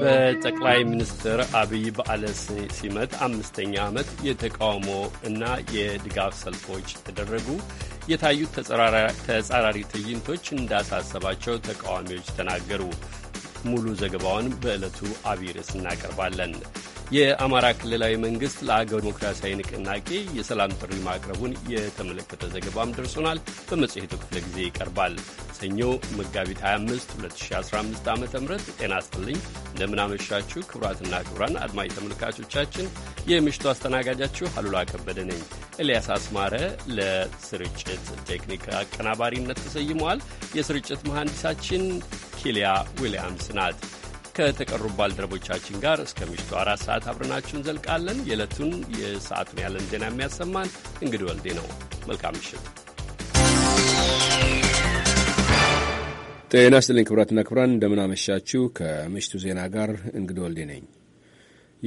በጠቅላይ ሚኒስትር አብይ በዓለ ሲመት አምስተኛ ዓመት የተቃውሞ እና የድጋፍ ሰልፎች ተደረጉ። የታዩት ተጻራሪ ትዕይንቶች እንዳሳሰባቸው ተቃዋሚዎች ተናገሩ። ሙሉ ዘገባውን በዕለቱ አብይ እናቀርባለን። የአማራ ክልላዊ መንግሥት ለአገው ዲሞክራሲያዊ ንቅናቄ የሰላም ጥሪ ማቅረቡን የተመለከተ ዘገባም ደርሶናል። በመጽሔቱ ክፍለ ጊዜ ይቀርባል። ሰኞ መጋቢት 25 2015 ዓ ም ጤና ስጥልኝ። እንደምናመሻችሁ ክቡራትና ክቡራን አድማጭ ተመልካቾቻችን የምሽቱ አስተናጋጃችሁ አሉላ ከበደ ነኝ። ኤልያስ አስማረ ለስርጭት ቴክኒክ አቀናባሪነት ተሰይመዋል። የስርጭት መሐንዲሳችን ኬልያ ዊልያምስ ናት። ከተቀሩ ባልደረቦቻችን ጋር እስከ ምሽቱ አራት ሰዓት አብረናችሁ እንዘልቃለን። የዕለቱን የሰዓቱን ያለን ዜና የሚያሰማን እንግዲህ ወልዴ ነው። መልካም ምሽት። ጤና ስጥልኝ ክቡራትና ክቡራን፣ እንደምናመሻችሁ። ከምሽቱ ዜና ጋር እንግዲህ ወልዴ ነኝ።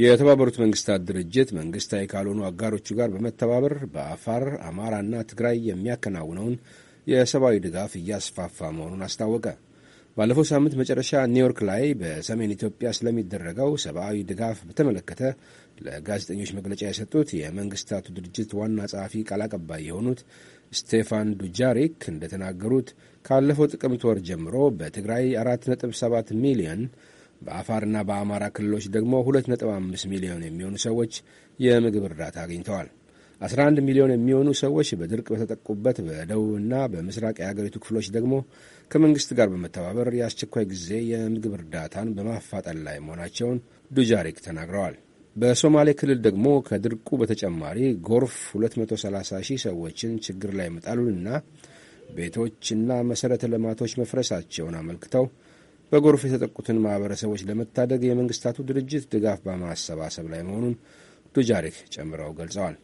የተባበሩት መንግስታት ድርጅት መንግስታዊ ካልሆኑ አጋሮቹ ጋር በመተባበር በአፋር አማራና ትግራይ የሚያከናውነውን የሰብአዊ ድጋፍ እያስፋፋ መሆኑን አስታወቀ። ባለፈው ሳምንት መጨረሻ ኒውዮርክ ላይ በሰሜን ኢትዮጵያ ስለሚደረገው ሰብአዊ ድጋፍ በተመለከተ ለጋዜጠኞች መግለጫ የሰጡት የመንግስታቱ ድርጅት ዋና ጸሐፊ ቃል አቀባይ የሆኑት ስቴፋን ዱጃሪክ እንደተናገሩት ካለፈው ጥቅምት ወር ጀምሮ በትግራይ 4.7 ሚሊዮን በአፋርና በአማራ ክልሎች ደግሞ 2.5 ሚሊዮን የሚሆኑ ሰዎች የምግብ እርዳታ አግኝተዋል። 11 ሚሊዮን የሚሆኑ ሰዎች በድርቅ በተጠቁበት በደቡብና በምስራቅ የአገሪቱ ክፍሎች ደግሞ ከመንግስት ጋር በመተባበር የአስቸኳይ ጊዜ የምግብ እርዳታን በማፋጠን ላይ መሆናቸውን ዱጃሪክ ተናግረዋል። በሶማሌ ክልል ደግሞ ከድርቁ በተጨማሪ ጎርፍ 230 ሺህ ሰዎችን ችግር ላይ መጣሉንና ቤቶችና መሠረተ ልማቶች መፍረሳቸውን አመልክተው በጎርፍ የተጠቁትን ማኅበረሰቦች ለመታደግ የመንግሥታቱ ድርጅት ድጋፍ በማሰባሰብ ላይ መሆኑን ዱጃሪክ ጨምረው ገልጸዋል።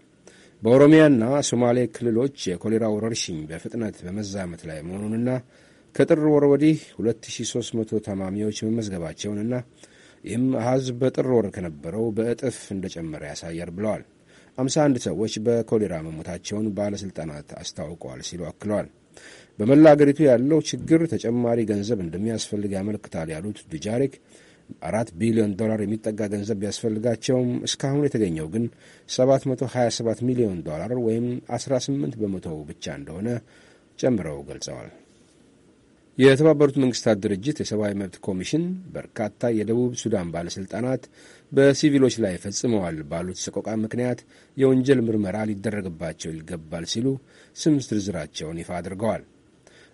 በኦሮሚያና ሶማሌ ክልሎች የኮሌራ ወረርሽኝ በፍጥነት በመዛመት ላይ መሆኑንና ከጥር ወር ወዲህ 2300 ታማሚዎች መመዝገባቸውንና ይህም አሃዝ በጥር ወር ከነበረው በእጥፍ እንደጨመረ ያሳያል ብለዋል። 51 ሰዎች በኮሌራ መሞታቸውን ባለሥልጣናት አስታውቀዋል ሲሉ አክለዋል። በመላ አገሪቱ ያለው ችግር ተጨማሪ ገንዘብ እንደሚያስፈልግ ያመለክታል ያሉት ዱጃሪክ አራት ቢሊዮን ዶላር የሚጠጋ ገንዘብ ቢያስፈልጋቸውም እስካሁን የተገኘው ግን 727 ሚሊዮን ዶላር ወይም 18 በመቶ ብቻ እንደሆነ ጨምረው ገልጸዋል። የተባበሩት መንግስታት ድርጅት የሰብአዊ መብት ኮሚሽን በርካታ የደቡብ ሱዳን ባለሥልጣናት በሲቪሎች ላይ ፈጽመዋል ባሉት ሰቆቃ ምክንያት የወንጀል ምርመራ ሊደረግባቸው ይገባል ሲሉ ስም ዝርዝራቸውን ይፋ አድርገዋል።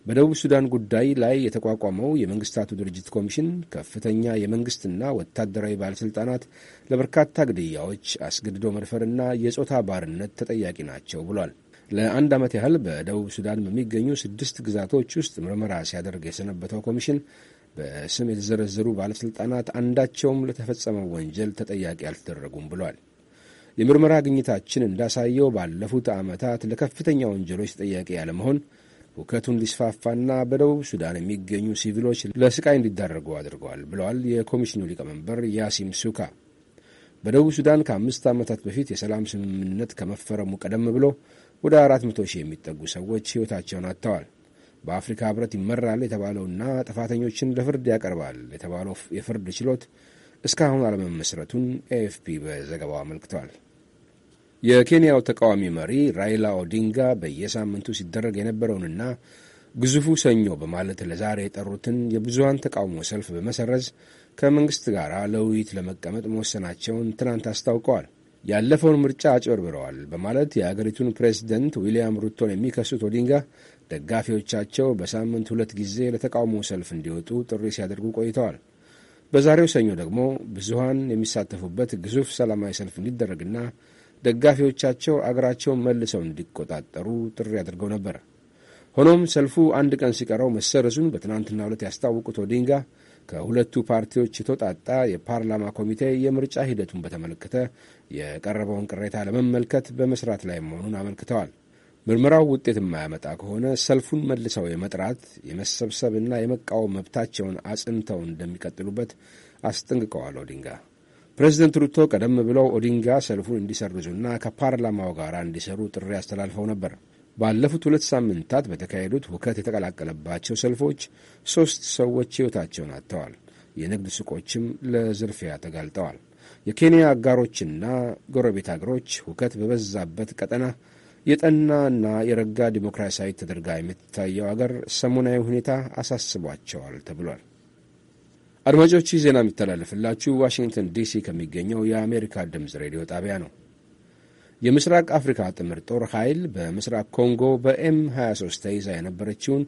በደቡብ ሱዳን ጉዳይ ላይ የተቋቋመው የመንግስታቱ ድርጅት ኮሚሽን ከፍተኛ የመንግስትና ወታደራዊ ባለሥልጣናት ለበርካታ ግድያዎች፣ አስገድዶ መድፈርና የጾታ ባርነት ተጠያቂ ናቸው ብሏል። ለአንድ ዓመት ያህል በደቡብ ሱዳን በሚገኙ ስድስት ግዛቶች ውስጥ ምርመራ ሲያደርግ የሰነበተው ኮሚሽን በስም የተዘረዘሩ ባለሥልጣናት አንዳቸውም ለተፈጸመው ወንጀል ተጠያቂ አልተደረጉም ብሏል። የምርመራ ግኝታችን እንዳሳየው ባለፉት ዓመታት ለከፍተኛ ወንጀሎች ተጠያቂ ያለመሆን ሁከቱ እንዲስፋፋና በደቡብ ሱዳን የሚገኙ ሲቪሎች ለስቃይ እንዲዳረጉ አድርገዋል ብለዋል የኮሚሽኑ ሊቀመንበር ያሲም ሱካ። በደቡብ ሱዳን ከአምስት ዓመታት በፊት የሰላም ስምምነት ከመፈረሙ ቀደም ብሎ ወደ 400 ሺህ የሚጠጉ ሰዎች ሕይወታቸውን አጥተዋል። በአፍሪካ ህብረት ይመራል የተባለውና ጥፋተኞችን ለፍርድ ያቀርባል የተባለው የፍርድ ችሎት እስካሁን አለመመስረቱን ኤኤፍፒ በዘገባው አመልክቷል። የኬንያው ተቃዋሚ መሪ ራይላ ኦዲንጋ በየሳምንቱ ሲደረግ የነበረውንና ግዙፉ ሰኞ በማለት ለዛሬ የጠሩትን የብዙሀን ተቃውሞ ሰልፍ በመሰረዝ ከመንግሥት ጋር ለውይይት ለመቀመጥ መወሰናቸውን ትናንት አስታውቀዋል። ያለፈውን ምርጫ አጭበርብረዋል በማለት የአገሪቱን ፕሬዚደንት ዊልያም ሩቶን የሚከሱት ኦዲንጋ ደጋፊዎቻቸው በሳምንት ሁለት ጊዜ ለተቃውሞ ሰልፍ እንዲወጡ ጥሪ ሲያደርጉ ቆይተዋል። በዛሬው ሰኞ ደግሞ ብዙሃን የሚሳተፉበት ግዙፍ ሰላማዊ ሰልፍ እንዲደረግና ደጋፊዎቻቸው አገራቸውን መልሰው እንዲቆጣጠሩ ጥሪ አድርገው ነበር። ሆኖም ሰልፉ አንድ ቀን ሲቀረው መሰረዙን በትናንትናው ዕለት ያስታወቁት ኦዲንጋ ከሁለቱ ፓርቲዎች የተውጣጣ የፓርላማ ኮሚቴ የምርጫ ሂደቱን በተመለከተ የቀረበውን ቅሬታ ለመመልከት በመስራት ላይ መሆኑን አመልክተዋል። ምርመራው ውጤት የማያመጣ ከሆነ ሰልፉን መልሰው የመጥራት የመሰብሰብና የመቃወም መብታቸውን አጽንተው እንደሚቀጥሉበት አስጠንቅቀዋል ኦዲንጋ። ፕሬዚደንት ሩቶ ቀደም ብለው ኦዲንጋ ሰልፉን እንዲሰርዙና ከፓርላማው ጋር እንዲሰሩ ጥሪ አስተላልፈው ነበር። ባለፉት ሁለት ሳምንታት በተካሄዱት ሁከት የተቀላቀለባቸው ሰልፎች ሦስት ሰዎች ሕይወታቸውን አጥተዋል። የንግድ ሱቆችም ለዝርፊያ ተጋልጠዋል። የኬንያ አጋሮችና ጎረቤት አገሮች ሁከት በበዛበት ቀጠና የጠናና የረጋ ዲሞክራሲያዊ ተደርጋ የምትታየው አገር ሰሞናዊ ሁኔታ አሳስቧቸዋል ተብሏል። አድማጮች ዜና የሚተላለፍላችሁ ዋሽንግተን ዲሲ ከሚገኘው የአሜሪካ ድምፅ ሬዲዮ ጣቢያ ነው። የምስራቅ አፍሪካ ጥምር ጦር ኃይል በምስራቅ ኮንጎ በኤም 23 ተይዛ የነበረችውን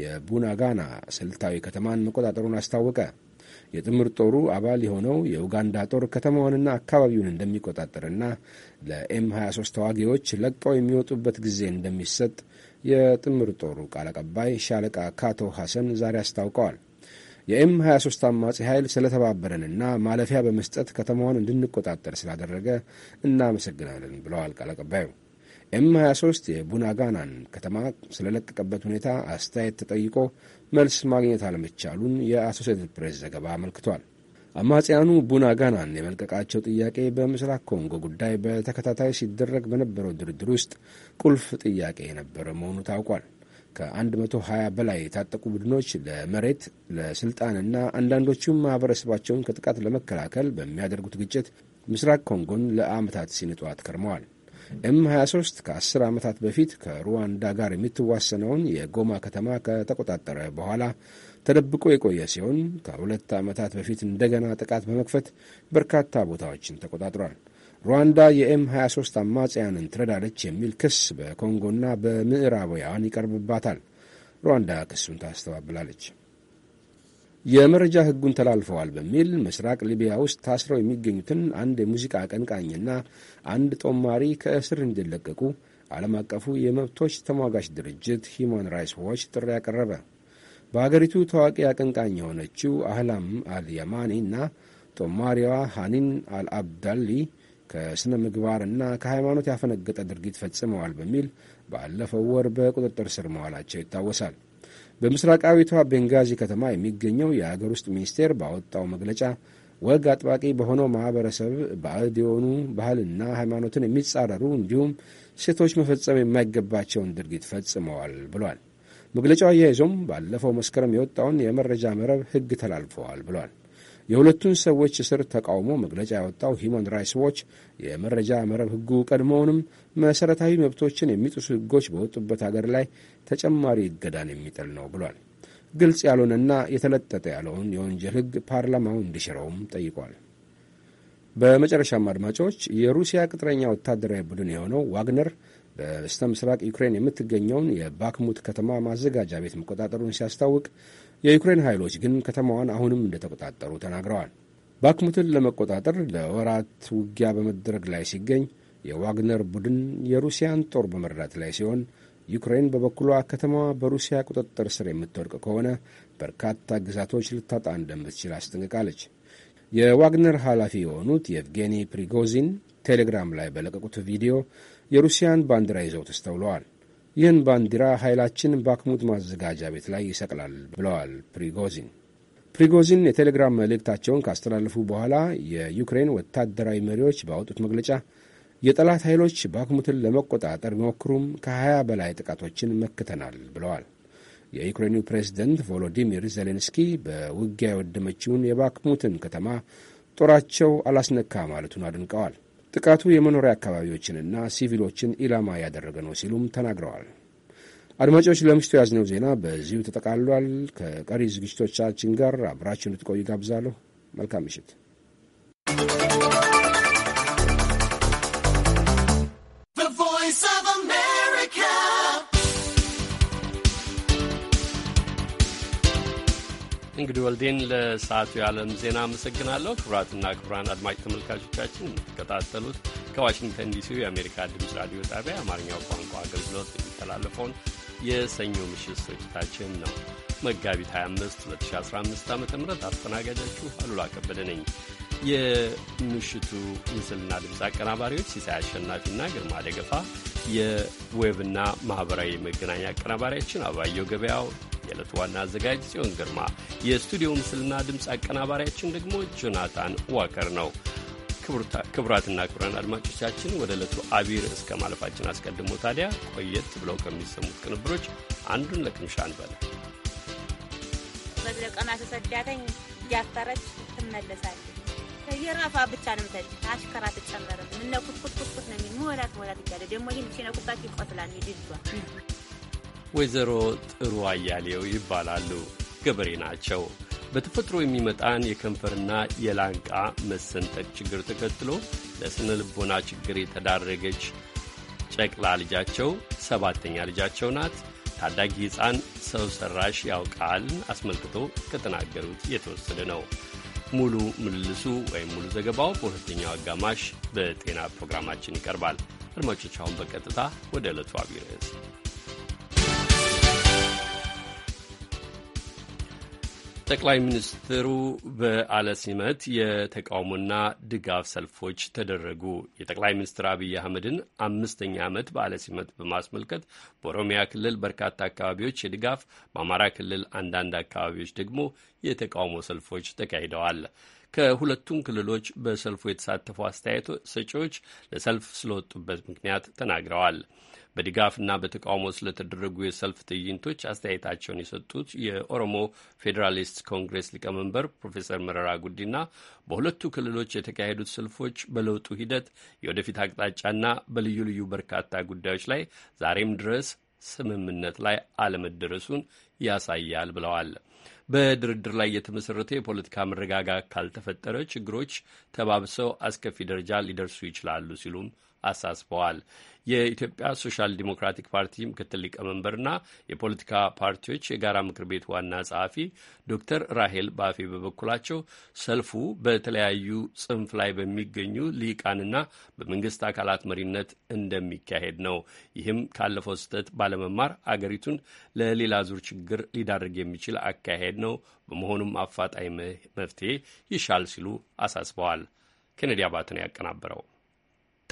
የቡናጋና ስልታዊ ከተማን መቆጣጠሩን አስታወቀ። የጥምር ጦሩ አባል የሆነው የኡጋንዳ ጦር ከተማውንና አካባቢውን እንደሚቆጣጠርና ለኤም 23 ተዋጊዎች ለቀው የሚወጡበት ጊዜ እንደሚሰጥ የጥምር ጦሩ ቃል አቀባይ ሻለቃ ካቶ ሐሰን ዛሬ አስታውቀዋል። የኤም 23 አማጺ ኃይል ስለተባበረንና ማለፊያ በመስጠት ከተማውን እንድንቆጣጠር ስላደረገ እናመሰግናለን ብለዋል ቃል አቀባዩ። ኤም 23 የቡናጋናን ከተማ ስለለቀቀበት ሁኔታ አስተያየት ተጠይቆ መልስ ማግኘት አለመቻሉን የአሶሴትድ ፕሬስ ዘገባ አመልክቷል። አማጽያኑ ቡና ጋናን የመልቀቃቸው ጥያቄ በምስራቅ ኮንጎ ጉዳይ በተከታታይ ሲደረግ በነበረው ድርድር ውስጥ ቁልፍ ጥያቄ የነበረ መሆኑ ታውቋል። ከ120 በላይ የታጠቁ ቡድኖች ለመሬት ለስልጣንና አንዳንዶቹም ማህበረሰባቸውን ከጥቃት ለመከላከል በሚያደርጉት ግጭት ምስራቅ ኮንጎን ለዓመታት ሲንጧት ከርመዋል። ኤም 23 ከ10 ዓመታት በፊት ከሩዋንዳ ጋር የምትዋሰነውን የጎማ ከተማ ከተቆጣጠረ በኋላ ተደብቆ የቆየ ሲሆን ከሁለት ዓመታት በፊት እንደገና ጥቃት በመክፈት በርካታ ቦታዎችን ተቆጣጥሯል። ሩዋንዳ የኤም 23 አማጽያንን ትረዳለች የሚል ክስ በኮንጎና በምዕራባውያን ይቀርብባታል። ሩዋንዳ ክሱን ታስተባብላለች። የመረጃ ሕጉን ተላልፈዋል በሚል ምስራቅ ሊቢያ ውስጥ ታስረው የሚገኙትን አንድ የሙዚቃ አቀንቃኝና አንድ ጦማሪ ከእስር እንዲለቀቁ ዓለም አቀፉ የመብቶች ተሟጋች ድርጅት ሂማን ራይትስ ዋች ጥሪ ያቀረበ በአገሪቱ ታዋቂ አቀንቃኝ የሆነችው አህላም አልየማኒ እና ጦማሪዋ ሃኒን አልአብዳሊ ከሥነ ምግባርና ከሃይማኖት ያፈነገጠ ድርጊት ፈጽመዋል በሚል ባለፈው ወር በቁጥጥር ስር መዋላቸው ይታወሳል። በምስራቃዊቷ ቤንጋዚ ከተማ የሚገኘው የአገር ውስጥ ሚኒስቴር ባወጣው መግለጫ ወግ አጥባቂ በሆነው ማህበረሰብ ባዕድ የሆኑ ባህልና ሃይማኖትን የሚጻረሩ እንዲሁም ሴቶች መፈጸም የማይገባቸውን ድርጊት ፈጽመዋል ብሏል። መግለጫው አያይዞም ባለፈው መስከረም የወጣውን የመረጃ መረብ ሕግ ተላልፈዋል ብሏል። የሁለቱን ሰዎች እስር ተቃውሞ መግለጫ ያወጣው ሂዩማን ራይትስ ዎች የመረጃ መረብ ሕጉ ቀድሞውንም መሠረታዊ መብቶችን የሚጥሱ ሕጎች በወጡበት አገር ላይ ተጨማሪ እገዳን የሚጥል ነው ብሏል። ግልጽ ያልሆነና የተለጠጠ ያለውን የወንጀል ሕግ ፓርላማው እንዲሽረውም ጠይቋል። በመጨረሻም አድማጮች የሩሲያ ቅጥረኛ ወታደራዊ ቡድን የሆነው ዋግነር በስተ ምስራቅ ዩክሬን የምትገኘውን የባክሙት ከተማ ማዘጋጃ ቤት መቆጣጠሩን ሲያስታውቅ የዩክሬን ኃይሎች ግን ከተማዋን አሁንም እንደተቆጣጠሩ ተናግረዋል። ባክሙትን ለመቆጣጠር ለወራት ውጊያ በመደረግ ላይ ሲገኝ የዋግነር ቡድን የሩሲያን ጦር በመርዳት ላይ ሲሆን ዩክሬን በበኩሏ ከተማዋ በሩሲያ ቁጥጥር ስር የምትወድቅ ከሆነ በርካታ ግዛቶች ልታጣ እንደምትችል አስጠንቅቃለች። የዋግነር ኃላፊ የሆኑት የቭጌኒ ፕሪጎዚን ቴሌግራም ላይ በለቀቁት ቪዲዮ የሩሲያን ባንዲራ ይዘው ተስተውለዋል። ይህን ባንዲራ ኃይላችን ባክሙት ማዘጋጃ ቤት ላይ ይሰቅላል ብለዋል ፕሪጎዚን። ፕሪጎዚን የቴሌግራም መልእክታቸውን ካስተላለፉ በኋላ የዩክሬን ወታደራዊ መሪዎች ባወጡት መግለጫ የጠላት ኃይሎች ባክሙትን ለመቆጣጠር ቢሞክሩም ከ20 በላይ ጥቃቶችን መክተናል ብለዋል። የዩክሬኑ ፕሬዚደንት ቮሎዲሚር ዜሌንስኪ በውጊያ የወደመችውን የባክሙትን ከተማ ጦራቸው አላስነካ ማለቱን አድንቀዋል። ጥቃቱ የመኖሪያ አካባቢዎችንና ሲቪሎችን ኢላማ ያደረገ ነው ሲሉም ተናግረዋል። አድማጮች፣ ለምሽቱ ያዝነው ዜና በዚሁ ተጠቃልሏል። ከቀሪ ዝግጅቶቻችን ጋር አብራችሁ ልትቆዩ ጋብዛለሁ። መልካም ምሽት። እንግዲህ ወልዴን ለሰዓቱ የዓለም ዜና አመሰግናለሁ። ክቡራትና ክቡራን አድማጭ ተመልካቾቻችን የምትከታተሉት ከዋሽንግተን ዲሲው የአሜሪካ ድምፅ ራዲዮ ጣቢያ የአማርኛው ቋንቋ አገልግሎት የሚተላለፈውን የሰኞ ምሽት ስርጭታችን ነው። መጋቢት 25 2015 ዓ ም አስተናጋጃችሁ አሉላ ከበደ ነኝ። የምሽቱ ምስልና ድምፅ አቀናባሪዎች ሲሳይ አሸናፊና ግርማ ደገፋ፣ የዌብና ማኅበራዊ መገናኛ አቀናባሪያችን አባየው ገበያው፣ የዕለቱ ዋና አዘጋጅ ጽዮን ግርማ፣ የስቱዲዮ ምስልና ድምፅ አቀናባሪያችን ደግሞ ጆናታን ዋከር ነው። ክቡራትና ክቡራን አድማጮቻችን ወደ ዕለቱ አቢር እስከ ማለፋችን አስቀድሞ ታዲያ ቆየት ብለው ከሚሰሙት ቅንብሮች አንዱን ለቅምሻ አንበል። በዝለቀማ ተሰዳተኝ እያፈረች ትመለሳለች የራሷ ብቻ ነው የምትል አሽከራ ትጨመርም እነ ኩትኩት ኩትኩት ነው የሚል ሞላት ሞላት እያለ ደግሞ ይህን ሲነኩባት ይቆስላል። ይድዷ ወይዘሮ ጥሩ አያሌው ይባላሉ። ገበሬ ናቸው። በተፈጥሮ የሚመጣን የከንፈርና የላንቃ መሰንጠቅ ችግር ተከትሎ ለስነ ልቦና ችግር የተዳረገች ጨቅላ ልጃቸው ሰባተኛ ልጃቸው ናት። ታዳጊ ሕፃን ሰው ሰራሽ ያውቃልን አስመልክቶ ከተናገሩት የተወሰደ ነው። ሙሉ ምልልሱ ወይም ሙሉ ዘገባው በሁለተኛው አጋማሽ በጤና ፕሮግራማችን ይቀርባል። አድማጮች፣ አሁን በቀጥታ ወደ ዕለቱ አብይ ርዕስ ጠቅላይ ሚኒስትሩ በዓለ ሲመት የተቃውሞና ድጋፍ ሰልፎች ተደረጉ። የጠቅላይ ሚኒስትር አብይ አህመድን አምስተኛ ዓመት በዓለ ሲመት በማስመልከት በኦሮሚያ ክልል በርካታ አካባቢዎች የድጋፍ በአማራ ክልል አንዳንድ አካባቢዎች ደግሞ የተቃውሞ ሰልፎች ተካሂደዋል። ከሁለቱም ክልሎች በሰልፉ የተሳተፉ አስተያየት ሰጪዎች ለሰልፍ ስለወጡበት ምክንያት ተናግረዋል። በድጋፍና በተቃውሞ ስለተደረጉ የሰልፍ ትዕይንቶች አስተያየታቸውን የሰጡት የኦሮሞ ፌዴራሊስት ኮንግሬስ ሊቀመንበር ፕሮፌሰር መረራ ጉዲና በሁለቱ ክልሎች የተካሄዱት ሰልፎች በለውጡ ሂደት የወደፊት አቅጣጫና በልዩ ልዩ በርካታ ጉዳዮች ላይ ዛሬም ድረስ ስምምነት ላይ አለመደረሱን ያሳያል ብለዋል። በድርድር ላይ የተመሰረተ የፖለቲካ መረጋጋት ካልተፈጠረ ችግሮች ተባብሰው አስከፊ ደረጃ ሊደርሱ ይችላሉ ሲሉም አሳስበዋል። የኢትዮጵያ ሶሻል ዲሞክራቲክ ፓርቲ ምክትል ሊቀመንበርና የፖለቲካ ፓርቲዎች የጋራ ምክር ቤት ዋና ጸሐፊ ዶክተር ራሄል ባፌ በበኩላቸው ሰልፉ በተለያዩ ጽንፍ ላይ በሚገኙ ሊቃንና በመንግስት አካላት መሪነት እንደሚካሄድ ነው። ይህም ካለፈው ስህተት ባለመማር አገሪቱን ለሌላ ዙር ችግር ሊዳርግ የሚችል አካሄድ ነው። በመሆኑም አፋጣኝ መፍትሄ ይሻል ሲሉ አሳስበዋል። ኬኔዲ አባትን ያቀናብረው ያቀናበረው።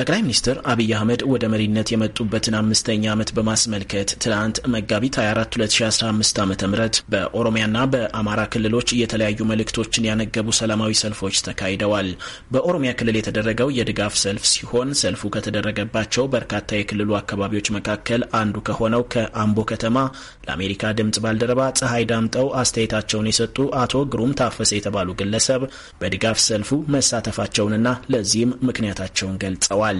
ጠቅላይ ሚኒስትር አብይ አህመድ ወደ መሪነት የመጡበትን አምስተኛ ዓመት በማስመልከት ትናንት መጋቢት 24 2015 ዓ ም በኦሮሚያና በአማራ ክልሎች የተለያዩ መልእክቶችን ያነገቡ ሰላማዊ ሰልፎች ተካሂደዋል። በኦሮሚያ ክልል የተደረገው የድጋፍ ሰልፍ ሲሆን ሰልፉ ከተደረገባቸው በርካታ የክልሉ አካባቢዎች መካከል አንዱ ከሆነው ከአምቦ ከተማ ለአሜሪካ ድምፅ ባልደረባ ፀሐይ ዳምጠው አስተያየታቸውን የሰጡ አቶ ግሩም ታፈሰ የተባሉ ግለሰብ በድጋፍ ሰልፉ መሳተፋቸውንና ለዚህም ምክንያታቸውን ገልጸዋል። ገልጸዋል።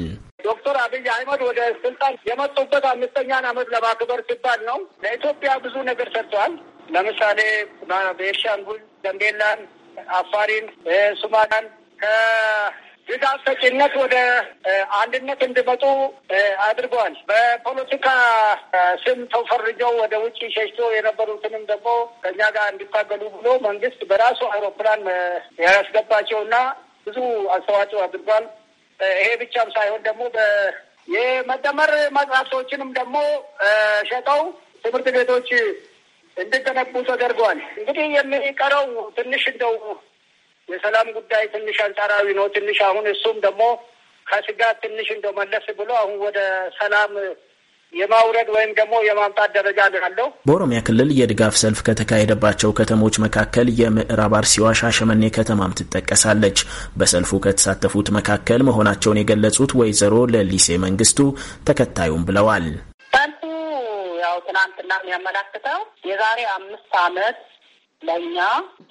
ዶክተር አብይ አህመድ ወደ ስልጣን የመጡበት አምስተኛን አመት ለማክበር ሲባል ነው። ለኢትዮጵያ ብዙ ነገር ሰርተዋል። ለምሳሌ ቤንሻንጉል፣ ጋምቤላን፣ አፋሪን፣ ሱማሊያን ከግዛት ሰጪነት ወደ አንድነት እንዲመጡ አድርገዋል። በፖለቲካ ስም ተፈርጀው ወደ ውጭ ሸሽቶ የነበሩትንም ደግሞ ከእኛ ጋር እንዲታገሉ ብሎ መንግስት በራሱ አውሮፕላን ያስገባቸውና ብዙ አስተዋጽኦ አድርጓል። ይሄ ብቻም ሳይሆን ደግሞ የመደመር መጽሐፍቶችንም ደግሞ ሸጠው ትምህርት ቤቶች እንዲገነቡ ተደርጓል። እንግዲህ የሚቀረው ትንሽ እንደው የሰላም ጉዳይ ትንሽ አንጻራዊ ነው። ትንሽ አሁን እሱም ደግሞ ከስጋት ትንሽ እንደው መለስ ብሎ አሁን ወደ ሰላም የማውረድ ወይም ደግሞ የማምጣት ደረጃ አለው። በኦሮሚያ ክልል የድጋፍ ሰልፍ ከተካሄደባቸው ከተሞች መካከል የምዕራብ አርሲዋ ሻሸመኔ ከተማም ትጠቀሳለች። በሰልፉ ከተሳተፉት መካከል መሆናቸውን የገለጹት ወይዘሮ ለሊሴ መንግስቱ ተከታዩም ብለዋል። ሰልፉ ያው ትናንትና የሚያመላክተው የዛሬ አምስት ዓመት ለእኛ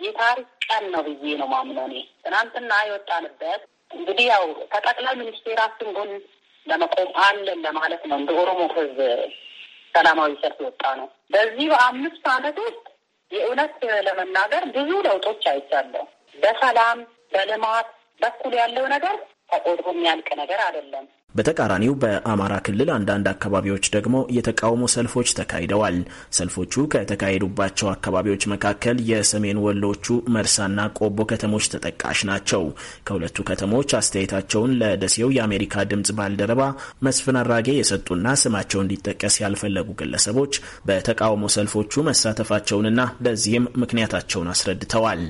የታሪክ ቀን ነው ብዬ ነው ማምነው እኔ ትናንትና የወጣንበት እንግዲህ ያው ከጠቅላይ ሚኒስቴራችን ጎን ለመቆም አለን ለማለት ነው። እንደ ኦሮሞ ህዝብ ሰላማዊ ሰልፍ ወጣ ነው። በዚህ በአምስት ዓመት ውስጥ የእውነት ለመናገር ብዙ ለውጦች አይቻለሁ። በሰላም በልማት በኩል ያለው ነገር ተቆጥሮ የሚያልቅ ነገር አይደለም። በተቃራኒው በአማራ ክልል አንዳንድ አካባቢዎች ደግሞ የተቃውሞ ሰልፎች ተካሂደዋል። ሰልፎቹ ከተካሄዱባቸው አካባቢዎች መካከል የሰሜን ወሎቹ መርሳና ቆቦ ከተሞች ተጠቃሽ ናቸው። ከሁለቱ ከተሞች አስተያየታቸውን ለደሴው የአሜሪካ ድምፅ ባልደረባ መስፍን አራጌ የሰጡና ስማቸው እንዲጠቀስ ያልፈለጉ ግለሰቦች በተቃውሞ ሰልፎቹ መሳተፋቸውንና ለዚህም ምክንያታቸውን አስረድተዋል።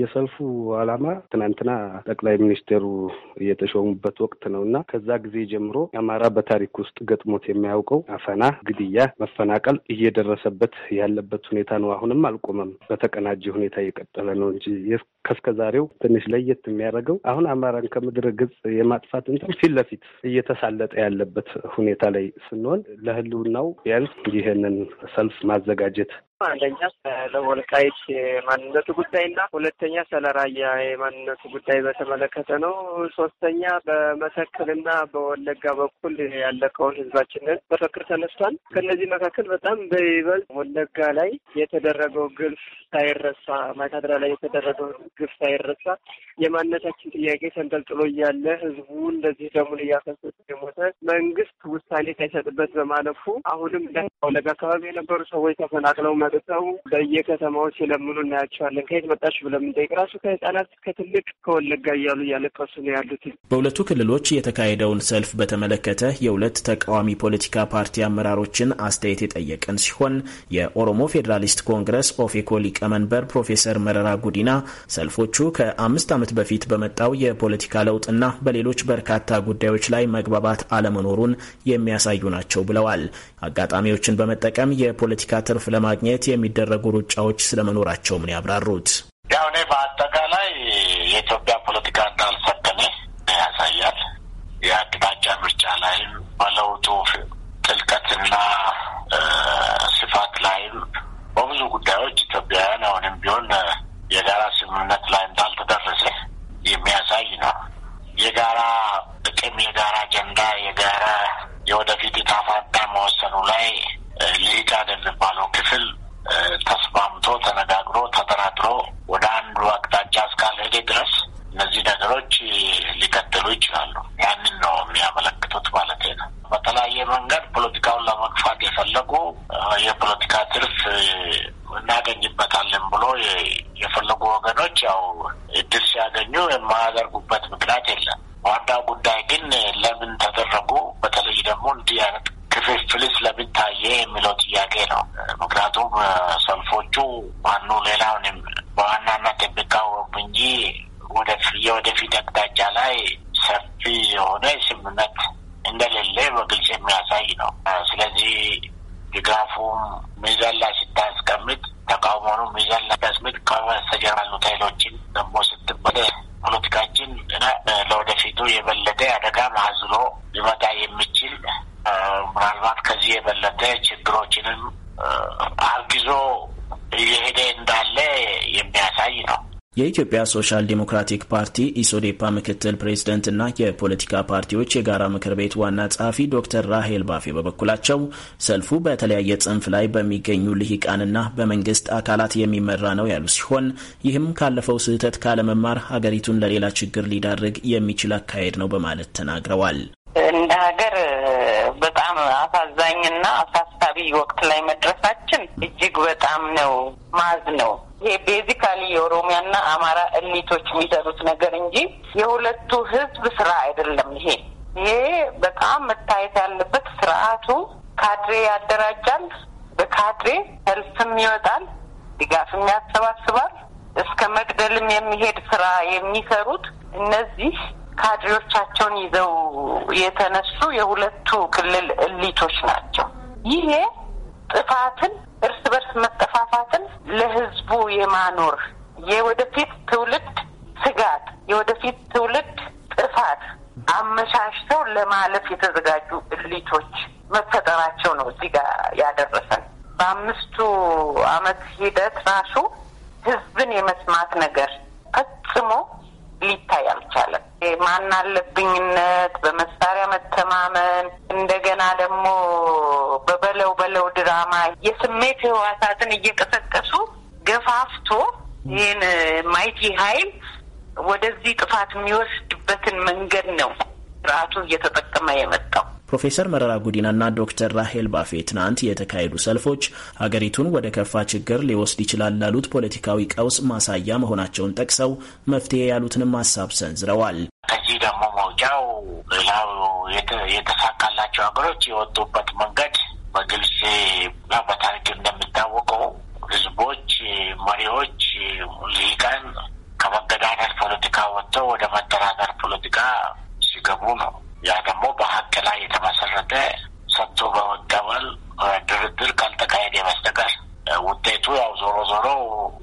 የሰልፉ ዓላማ ትናንትና ጠቅላይ ሚኒስትሩ የተሾሙበት ወቅት ነው እና ከዛ ጊዜ ጀምሮ አማራ በታሪክ ውስጥ ገጥሞት የሚያውቀው አፈና፣ ግድያ፣ መፈናቀል እየደረሰበት ያለበት ሁኔታ ነው። አሁንም አልቆመም። በተቀናጀ ሁኔታ እየቀጠለ ነው እንጂ ከእስከ ዛሬው ትንሽ ለየት የሚያደርገው አሁን አማራን ከምድረ ገጽ የማጥፋት እንትን ፊት ለፊት እየተሳለጠ ያለበት ሁኔታ ላይ ስንሆን ለህልውናው ቢያንስ ይህንን ሰልፍ ማዘጋጀት አንደኛ ስለወልቃይት የማንነቱ ጉዳይ ጉዳይና ሁለተኛ ስለ ራያ የማንነቱ ጉዳይ በተመለከተ ነው። ሶስተኛ በመተከልና በወለጋ በኩል ያለቀውን ህዝባችንን በፍቅር ተነስቷል። ከእነዚህ መካከል በጣም በይበልጥ ወለጋ ላይ የተደረገው ግፍ ሳይረሳ፣ ማይካድራ ላይ የተደረገው ግፍ ሳይረሳ የማንነታችን ጥያቄ ተንጠልጥሎ እያለ ህዝቡ እንደዚህ ደሙን እያፈሰሰ የሞተ መንግስት ውሳኔ ሳይሰጥበት በማለፉ አሁንም ወለጋ አካባቢ የነበሩ ሰዎች ተፈናቅለው መጥተው በየከተማው ሲለምኑ እናያቸዋለን። ከየት መጣችሁ ብለን የምንጠይቅ ራሱ ከህጻናት ከትልቅ ከወለጋ እያሉ እያለቀሱ ነው ያሉት። በሁለቱ ክልሎች የተካሄደውን ሰልፍ በተመለከተ የሁለት ተቃዋሚ ፖለቲካ ፓርቲ አመራሮችን አስተያየት የጠየቀን ሲሆን የኦሮሞ ፌዴራሊስት ኮንግረስ ኦፌኮ ሊቀመንበር ፕሮፌሰር መረራ ጉዲና ሰልፎቹ ከአምስት ዓመት በፊት በመጣው የፖለቲካ ለውጥና በሌሎች በርካታ ጉዳዮች ላይ መግባባት አለመኖሩን የሚያሳዩ ናቸው ብለዋል። አጋጣሚዎችን በመጠቀም የፖለቲካ ትርፍ ለማግኘት የሚደረጉ ሩጫዎች ስለመኖራቸው ነው ያብራሩት። ያው እኔ በአጠቃላይ የኢትዮጵያ ፖለቲካ እንዳልሰከነ ያሳያል። የአቅጣጫ ምርጫ ላይም በለውጡ ጥልቀትና ስፋት ላይም በብዙ ጉዳዮች ኢትዮጵያ የኢትዮጵያ ሶሻል ዴሞክራቲክ ፓርቲ ኢሶዴፓ ምክትል ፕሬዝደንትና የፖለቲካ ፓርቲዎች የጋራ ምክር ቤት ዋና ጸሐፊ ዶክተር ራሄል ባፌ በበኩላቸው ሰልፉ በተለያየ ጽንፍ ላይ በሚገኙ ልሂቃንና በመንግስት አካላት የሚመራ ነው ያሉ ሲሆን ይህም ካለፈው ስህተት ካለመማር ሀገሪቱን ለሌላ ችግር ሊዳርግ የሚችል አካሄድ ነው በማለት ተናግረዋል። እንደ ሀገር በጣም አሳዛኝና በዚህ ወቅት ላይ መድረሳችን እጅግ በጣም ነው ማዝ ነው። ይሄ ቤዚካሊ የኦሮሚያና አማራ እሊቶች የሚሰሩት ነገር እንጂ የሁለቱ ህዝብ ስራ አይደለም። ይሄ ይሄ በጣም መታየት ያለበት ስርዓቱ ካድሬ ያደራጃል፣ በካድሬ ሰልፍም ይወጣል፣ ድጋፍም ያሰባስባል፣ እስከ መግደልም የሚሄድ ስራ የሚሰሩት እነዚህ ካድሬዎቻቸውን ይዘው የተነሱ የሁለቱ ክልል እሊቶች ናቸው። ይሄ ጥፋትን፣ እርስ በርስ መጠፋፋትን ለህዝቡ የማኖር የወደፊት ትውልድ ስጋት፣ የወደፊት ትውልድ ጥፋት አመሻሽተው ለማለፍ የተዘጋጁ እሊቶች መፈጠራቸው ነው እዚህ ጋር ያደረሰን። በአምስቱ አመት ሂደት ራሱ ህዝብን የመስማት ነገር ፈጽሞ ሊታይ አልቻለም። ማን አለብኝነት፣ በመሳሪያ መተማመን፣ እንደገና ደግሞ በበለው በለው ድራማ የስሜት ህዋሳትን እየቀሰቀሱ ገፋፍቶ ይህን ማይቲ ኃይል ወደዚህ ጥፋት የሚወስድበትን መንገድ ነው ስርዓቱ እየተጠቀመ የመጣው። ፕሮፌሰር መረራ ጉዲናና ዶክተር ራሄል ባፌ ትናንት የተካሄዱ ሰልፎች ሀገሪቱን ወደ ከፋ ችግር ሊወስድ ይችላል ላሉት ፖለቲካዊ ቀውስ ማሳያ መሆናቸውን ጠቅሰው መፍትሄ ያሉትንም ሀሳብ ሰንዝረዋል። ከዚህ ደግሞ መውጫው የተሳካላቸው ሀገሮች የወጡበት መንገድ በግልጽ በታሪክ እንደሚታወቀው ህዝቦች፣ መሪዎች፣ ልሂቃን ከመገዳደር ፖለቲካ ወጥተው ወደ መደራደር ፖለቲካ ሲገቡ ነው። ያ ደግሞ በሀቅ ላይ የተመሰረተ ሰጥቶ በመቀበል ድርድር ካልተካሄደ በስተቀር ውጤቱ ያው ዞሮ ዞሮ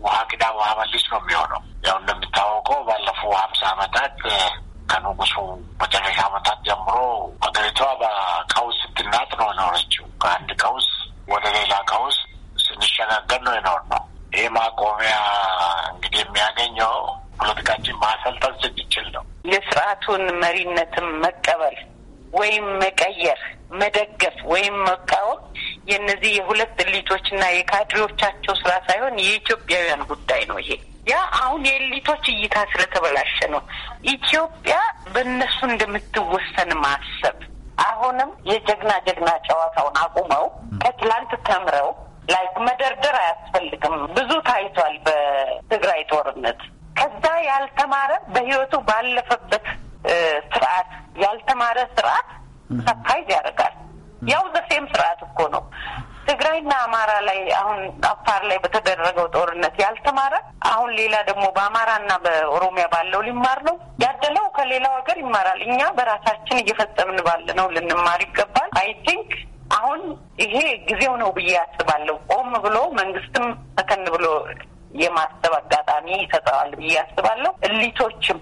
ውሃ ቅዳ ውሃ መልስ ነው የሚሆነው። ያው እንደሚታወቀው ባለፉ ሀምሳ ዓመታት ከንጉሱ መጨረሻ ዓመታት ጀምሮ ሀገሪቷ በቀውስ ስትናጥ ነው የኖረችው። ከአንድ ቀውስ ወደ ሌላ ቀውስ ስንሸጋገር ነው የኖር ነው። ይህ ማቆሚያ እንግዲህ የሚያገኘው ፖለቲካችን ማሰልጠን ስንችል ነው። የስርዓቱን መሪነትም መቀበል ወይም መቀየር፣ መደገፍ ወይም መቃወም የእነዚህ የሁለት እሊቶችና የካድሬዎቻቸው ስራ ሳይሆን የኢትዮጵያውያን ጉዳይ ነው። ይሄ ያ አሁን የእሊቶች እይታ ስለተበላሸ ነው። ኢትዮጵያ በእነሱ እንደምትወሰን ማሰብ አሁንም የጀግና ጀግና ጨዋታውን አቁመው ከትላንት ተምረው ላይክ መደርደር አያስፈልግም። ብዙ ታይቷል በትግራይ ጦርነት ከዛ ያልተማረ በህይወቱ ባለፈበት ስርዓት ያልተማረ ስርዓት ሰፕራይዝ ያደርጋል። ያው ዘሴም ስርዓት እኮ ነው። ትግራይና አማራ ላይ አሁን አፋር ላይ በተደረገው ጦርነት ያልተማረ አሁን ሌላ ደግሞ በአማራና በኦሮሚያ ባለው ሊማር ነው ያደለው። ከሌላው ሀገር ይማራል። እኛ በራሳችን እየፈጸምን ባለ ነው ልንማር ይገባል። አይ ቲንክ አሁን ይሄ ጊዜው ነው ብዬ አስባለሁ። ቆም ብሎ መንግስትም ተከን ብሎ የማሰብ አጋጣሚ ይሰጠዋል ብዬ አስባለሁ። እሊቶችም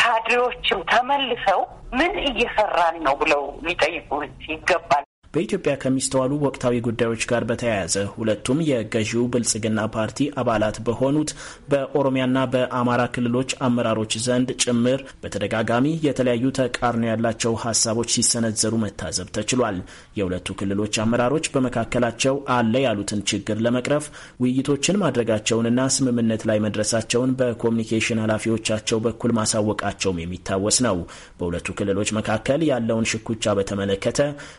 ካድሬዎችም ተመልሰው ምን እየሰራን ነው ብለው ሊጠይቁ ይገባል። በኢትዮጵያ ከሚስተዋሉ ወቅታዊ ጉዳዮች ጋር በተያያዘ ሁለቱም የገዢው ብልጽግና ፓርቲ አባላት በሆኑት በኦሮሚያና በአማራ ክልሎች አመራሮች ዘንድ ጭምር በተደጋጋሚ የተለያዩ ተቃርኖ ያላቸው ሀሳቦች ሲሰነዘሩ መታዘብ ተችሏል። የሁለቱ ክልሎች አመራሮች በመካከላቸው አለ ያሉትን ችግር ለመቅረፍ ውይይቶችን ማድረጋቸውንና ስምምነት ላይ መድረሳቸውን በኮሚኒኬሽን ኃላፊዎቻቸው በኩል ማሳወቃቸውም የሚታወስ ነው። በሁለቱ ክልሎች መካከል ያለውን ሽኩቻ በተመለከተ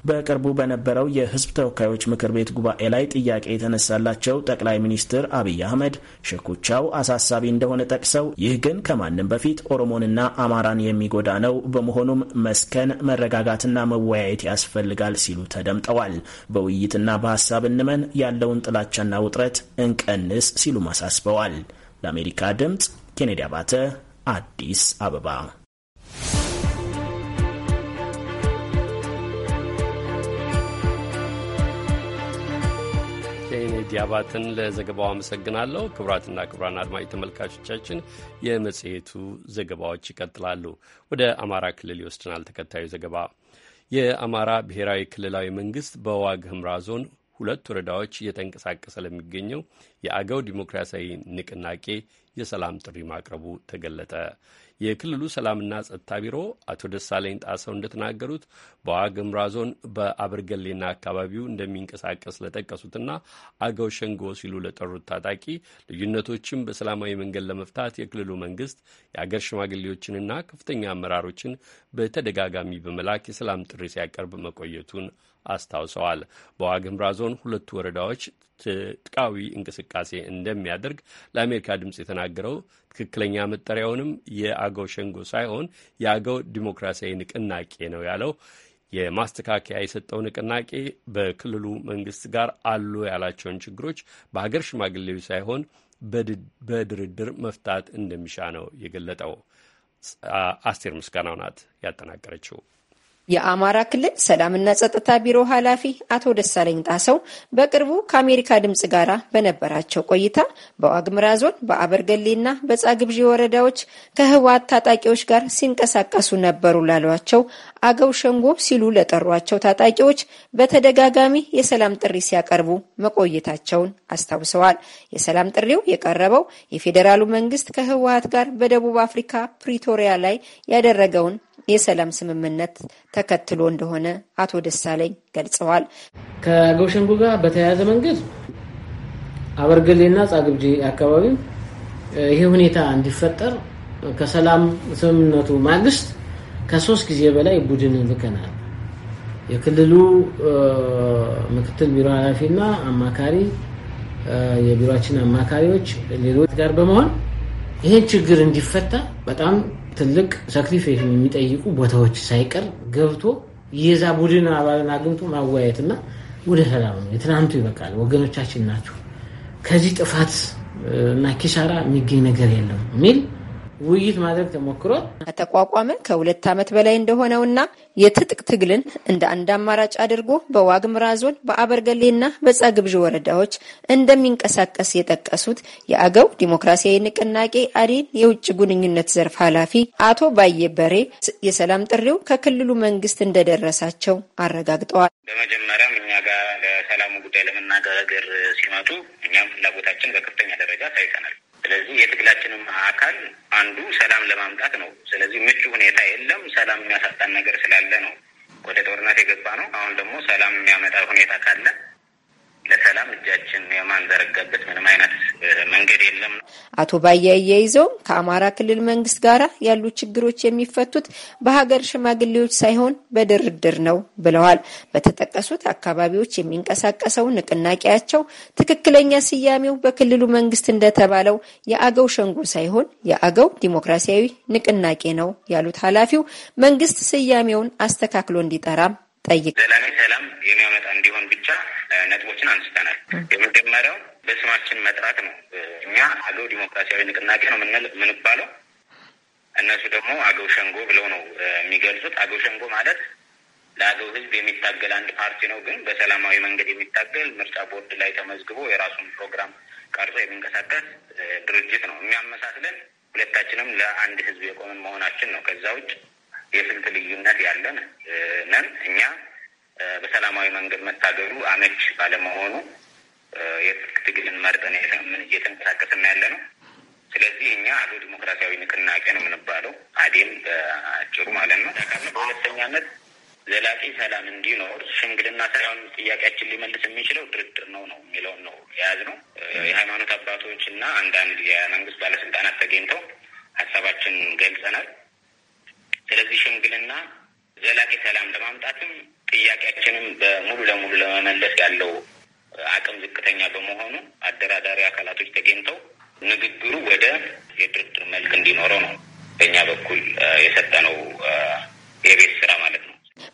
በቅርቡ በ በነበረው የህዝብ ተወካዮች ምክር ቤት ጉባኤ ላይ ጥያቄ የተነሳላቸው ጠቅላይ ሚኒስትር አብይ አህመድ ሽኩቻው አሳሳቢ እንደሆነ ጠቅሰው ይህ ግን ከማንም በፊት ኦሮሞንና አማራን የሚጎዳ ነው፣ በመሆኑም መስከን መረጋጋትና መወያየት ያስፈልጋል ሲሉ ተደምጠዋል። በውይይትና በሀሳብ እንመን፣ ያለውን ጥላቻና ውጥረት እንቀንስ ሲሉም አሳስበዋል። ለአሜሪካ ድምፅ ኬኔዲ አባተ አዲስ አበባ ዲያባትን ለዘገባው አመሰግናለሁ። ክቡራትና ክቡራን አድማጭ ተመልካቾቻችን የመጽሔቱ ዘገባዎች ይቀጥላሉ። ወደ አማራ ክልል ይወስድናል ተከታዩ ዘገባ። የአማራ ብሔራዊ ክልላዊ መንግስት በዋግ ህምራ ዞን ሁለት ወረዳዎች እየተንቀሳቀሰ ለሚገኘው የአገው ዲሞክራሲያዊ ንቅናቄ የሰላም ጥሪ ማቅረቡ ተገለጠ። የክልሉ ሰላምና ጸጥታ ቢሮ አቶ ደሳለኝ ጣሰው እንደተናገሩት በዋግምራ ዞን በአብርገሌና አካባቢው እንደሚንቀሳቀስ ለጠቀሱትና አገው ሸንጎ ሲሉ ለጠሩት ታጣቂ ልዩነቶችን በሰላማዊ መንገድ ለመፍታት የክልሉ መንግስት የአገር ሽማግሌዎችንና ከፍተኛ አመራሮችን በተደጋጋሚ በመላክ የሰላም ጥሪ ሲያቀርብ መቆየቱን አስታውሰዋል። በዋግምራ ዞን ሁለቱ ወረዳዎች ጥቃዊ እንቅስቃሴ እንደሚያደርግ ለአሜሪካ ድምፅ የተናገረው ትክክለኛ መጠሪያውንም የአገው ሸንጎ ሳይሆን የአገው ዲሞክራሲያዊ ንቅናቄ ነው ያለው የማስተካከያ የሰጠው ንቅናቄ በክልሉ መንግስት ጋር አሉ ያላቸውን ችግሮች በሀገር ሽማግሌው ሳይሆን በድርድር መፍታት እንደሚሻ ነው የገለጠው። አስቴር ምስጋናው ናት ያጠናቀረችው። የአማራ ክልል ሰላምና ጸጥታ ቢሮ ኃላፊ አቶ ደሳለኝ ጣሰው በቅርቡ ከአሜሪካ ድምፅ ጋር በነበራቸው ቆይታ በዋግምራ ዞን በአበርገሌና በጻግብዢ ወረዳዎች ከህወሓት ታጣቂዎች ጋር ሲንቀሳቀሱ ነበሩ ላሏቸው አገው ሸንጎ ሲሉ ለጠሯቸው ታጣቂዎች በተደጋጋሚ የሰላም ጥሪ ሲያቀርቡ መቆየታቸውን አስታውሰዋል። የሰላም ጥሪው የቀረበው የፌዴራሉ መንግስት ከህወሓት ጋር በደቡብ አፍሪካ ፕሪቶሪያ ላይ ያደረገውን የሰላም ስምምነት ተከትሎ እንደሆነ አቶ ደሳለኝ ገልጸዋል። ከጎሸንጉ ጋር በተያያዘ መንገድ አበርገሌና ጻግብጂ አካባቢ ይሄ ሁኔታ እንዲፈጠር ከሰላም ስምምነቱ ማግስት ከሶስት ጊዜ በላይ ቡድን ልከናል። የክልሉ ምክትል ቢሮ ኃላፊና አማካሪ የቢሮችን አማካሪዎች ሌሎች ጋር በመሆን ይህን ችግር እንዲፈታ በጣም ትልቅ ሳክሪፋይስ የሚጠይቁ ቦታዎች ሳይቀር ገብቶ የዛ ቡድን አባልን አግኝቶ ማወያየትና ወደ ሰላም ነው። የትናንቱ ይበቃል፣ ወገኖቻችን ናቸው። ከዚህ ጥፋት እና ኪሳራ የሚገኝ ነገር የለም የሚል ውይይት ማድረግ ተሞክሮ ከተቋቋመ ከሁለት ዓመት በላይ እንደሆነውና የትጥቅ ትግልን እንደ አንድ አማራጭ አድርጎ በዋግምራ ዞን በአበርገሌና በጻግብዥ ወረዳዎች እንደሚንቀሳቀስ የጠቀሱት የአገው ዲሞክራሲያዊ ንቅናቄ አዴን የውጭ ግንኙነት ዘርፍ ኃላፊ አቶ ባየ በሬ የሰላም ጥሪው ከክልሉ መንግስት እንደደረሳቸው አረጋግጠዋል። በመጀመሪያም እኛ ጋር ለሰላሙ ጉዳይ ለመናገር ሲመጡ እኛም ፍላጎታችን በከፍተኛ ደረጃ ታይተናል። ስለዚህ የትግላችንም አካል አንዱ ሰላም ለማምጣት ነው። ስለዚህ ምቹ ሁኔታ የለም። ሰላም የሚያሳጣን ነገር ስላለ ነው ወደ ጦርነት የገባ ነው። አሁን ደግሞ ሰላም የሚያመጣ ሁኔታ ካለ ለሰላም እጃችን የማንዘረጋበት ምንም አይነት መንገድ የለም። አቶ ባያ አያይዘው ከአማራ ክልል መንግስት ጋር ያሉ ችግሮች የሚፈቱት በሀገር ሽማግሌዎች ሳይሆን በድርድር ነው ብለዋል። በተጠቀሱት አካባቢዎች የሚንቀሳቀሰው ንቅናቄያቸው ትክክለኛ ስያሜው በክልሉ መንግስት እንደተባለው የአገው ሸንጎ ሳይሆን የአገው ዲሞክራሲያዊ ንቅናቄ ነው ያሉት ኃላፊው መንግስት ስያሜውን አስተካክሎ እንዲጠራም ጠይቅ ዘላቂ ሰላም የሚያመጣ እንዲሆን ብቻ ነጥቦችን አንስተናል። የመጀመሪያው በስማችን መጥራት ነው። እኛ አገው ዲሞክራሲያዊ ንቅናቄ ነው የምንባለው፣ እነሱ ደግሞ አገው ሸንጎ ብለው ነው የሚገልጹት። አገው ሸንጎ ማለት ለአገው ሕዝብ የሚታገል አንድ ፓርቲ ነው። ግን በሰላማዊ መንገድ የሚታገል ምርጫ ቦርድ ላይ ተመዝግቦ የራሱን ፕሮግራም ቀርጾ የሚንቀሳቀስ ድርጅት ነው። የሚያመሳስለን ሁለታችንም ለአንድ ሕዝብ የቆምን መሆናችን ነው። ከዛ ውጭ የስልት ልዩነት ያለን ነን። እኛ በሰላማዊ መንገድ መታገሉ አመች ባለመሆኑ የትጥቅ ትግልን መርጠን ምን እየተንቀሳቀስን ያለ ነው። ስለዚህ እኛ አዶ ዲሞክራሲያዊ ንቅናቄ ነው የምንባለው፣ አዴም በአጭሩ ማለት ነው። በሁለተኛነት ዘላቂ ሰላም እንዲኖር ሽምግልና ሳይሆን ጥያቄያችን ሊመልስ የሚችለው ድርድር ነው ነው የሚለውን ነው የያዝነው። የሃይማኖት አባቶች እና አንዳንድ የመንግስት ባለስልጣናት ተገኝተው ሀሳባችን ገልጸናል። ስለዚህ ሽምግልና ዘላቂ ሰላም ለማምጣትም ጥያቄያችንም በሙሉ ለሙሉ ለመመለስ ያለው አቅም ዝቅተኛ በመሆኑ አደራዳሪ አካላቶች ተገኝተው ንግግሩ ወደ የድርድር መልክ እንዲኖረው ነው በእኛ በኩል የሰጠነው የቤት ስራ ማለት ነው።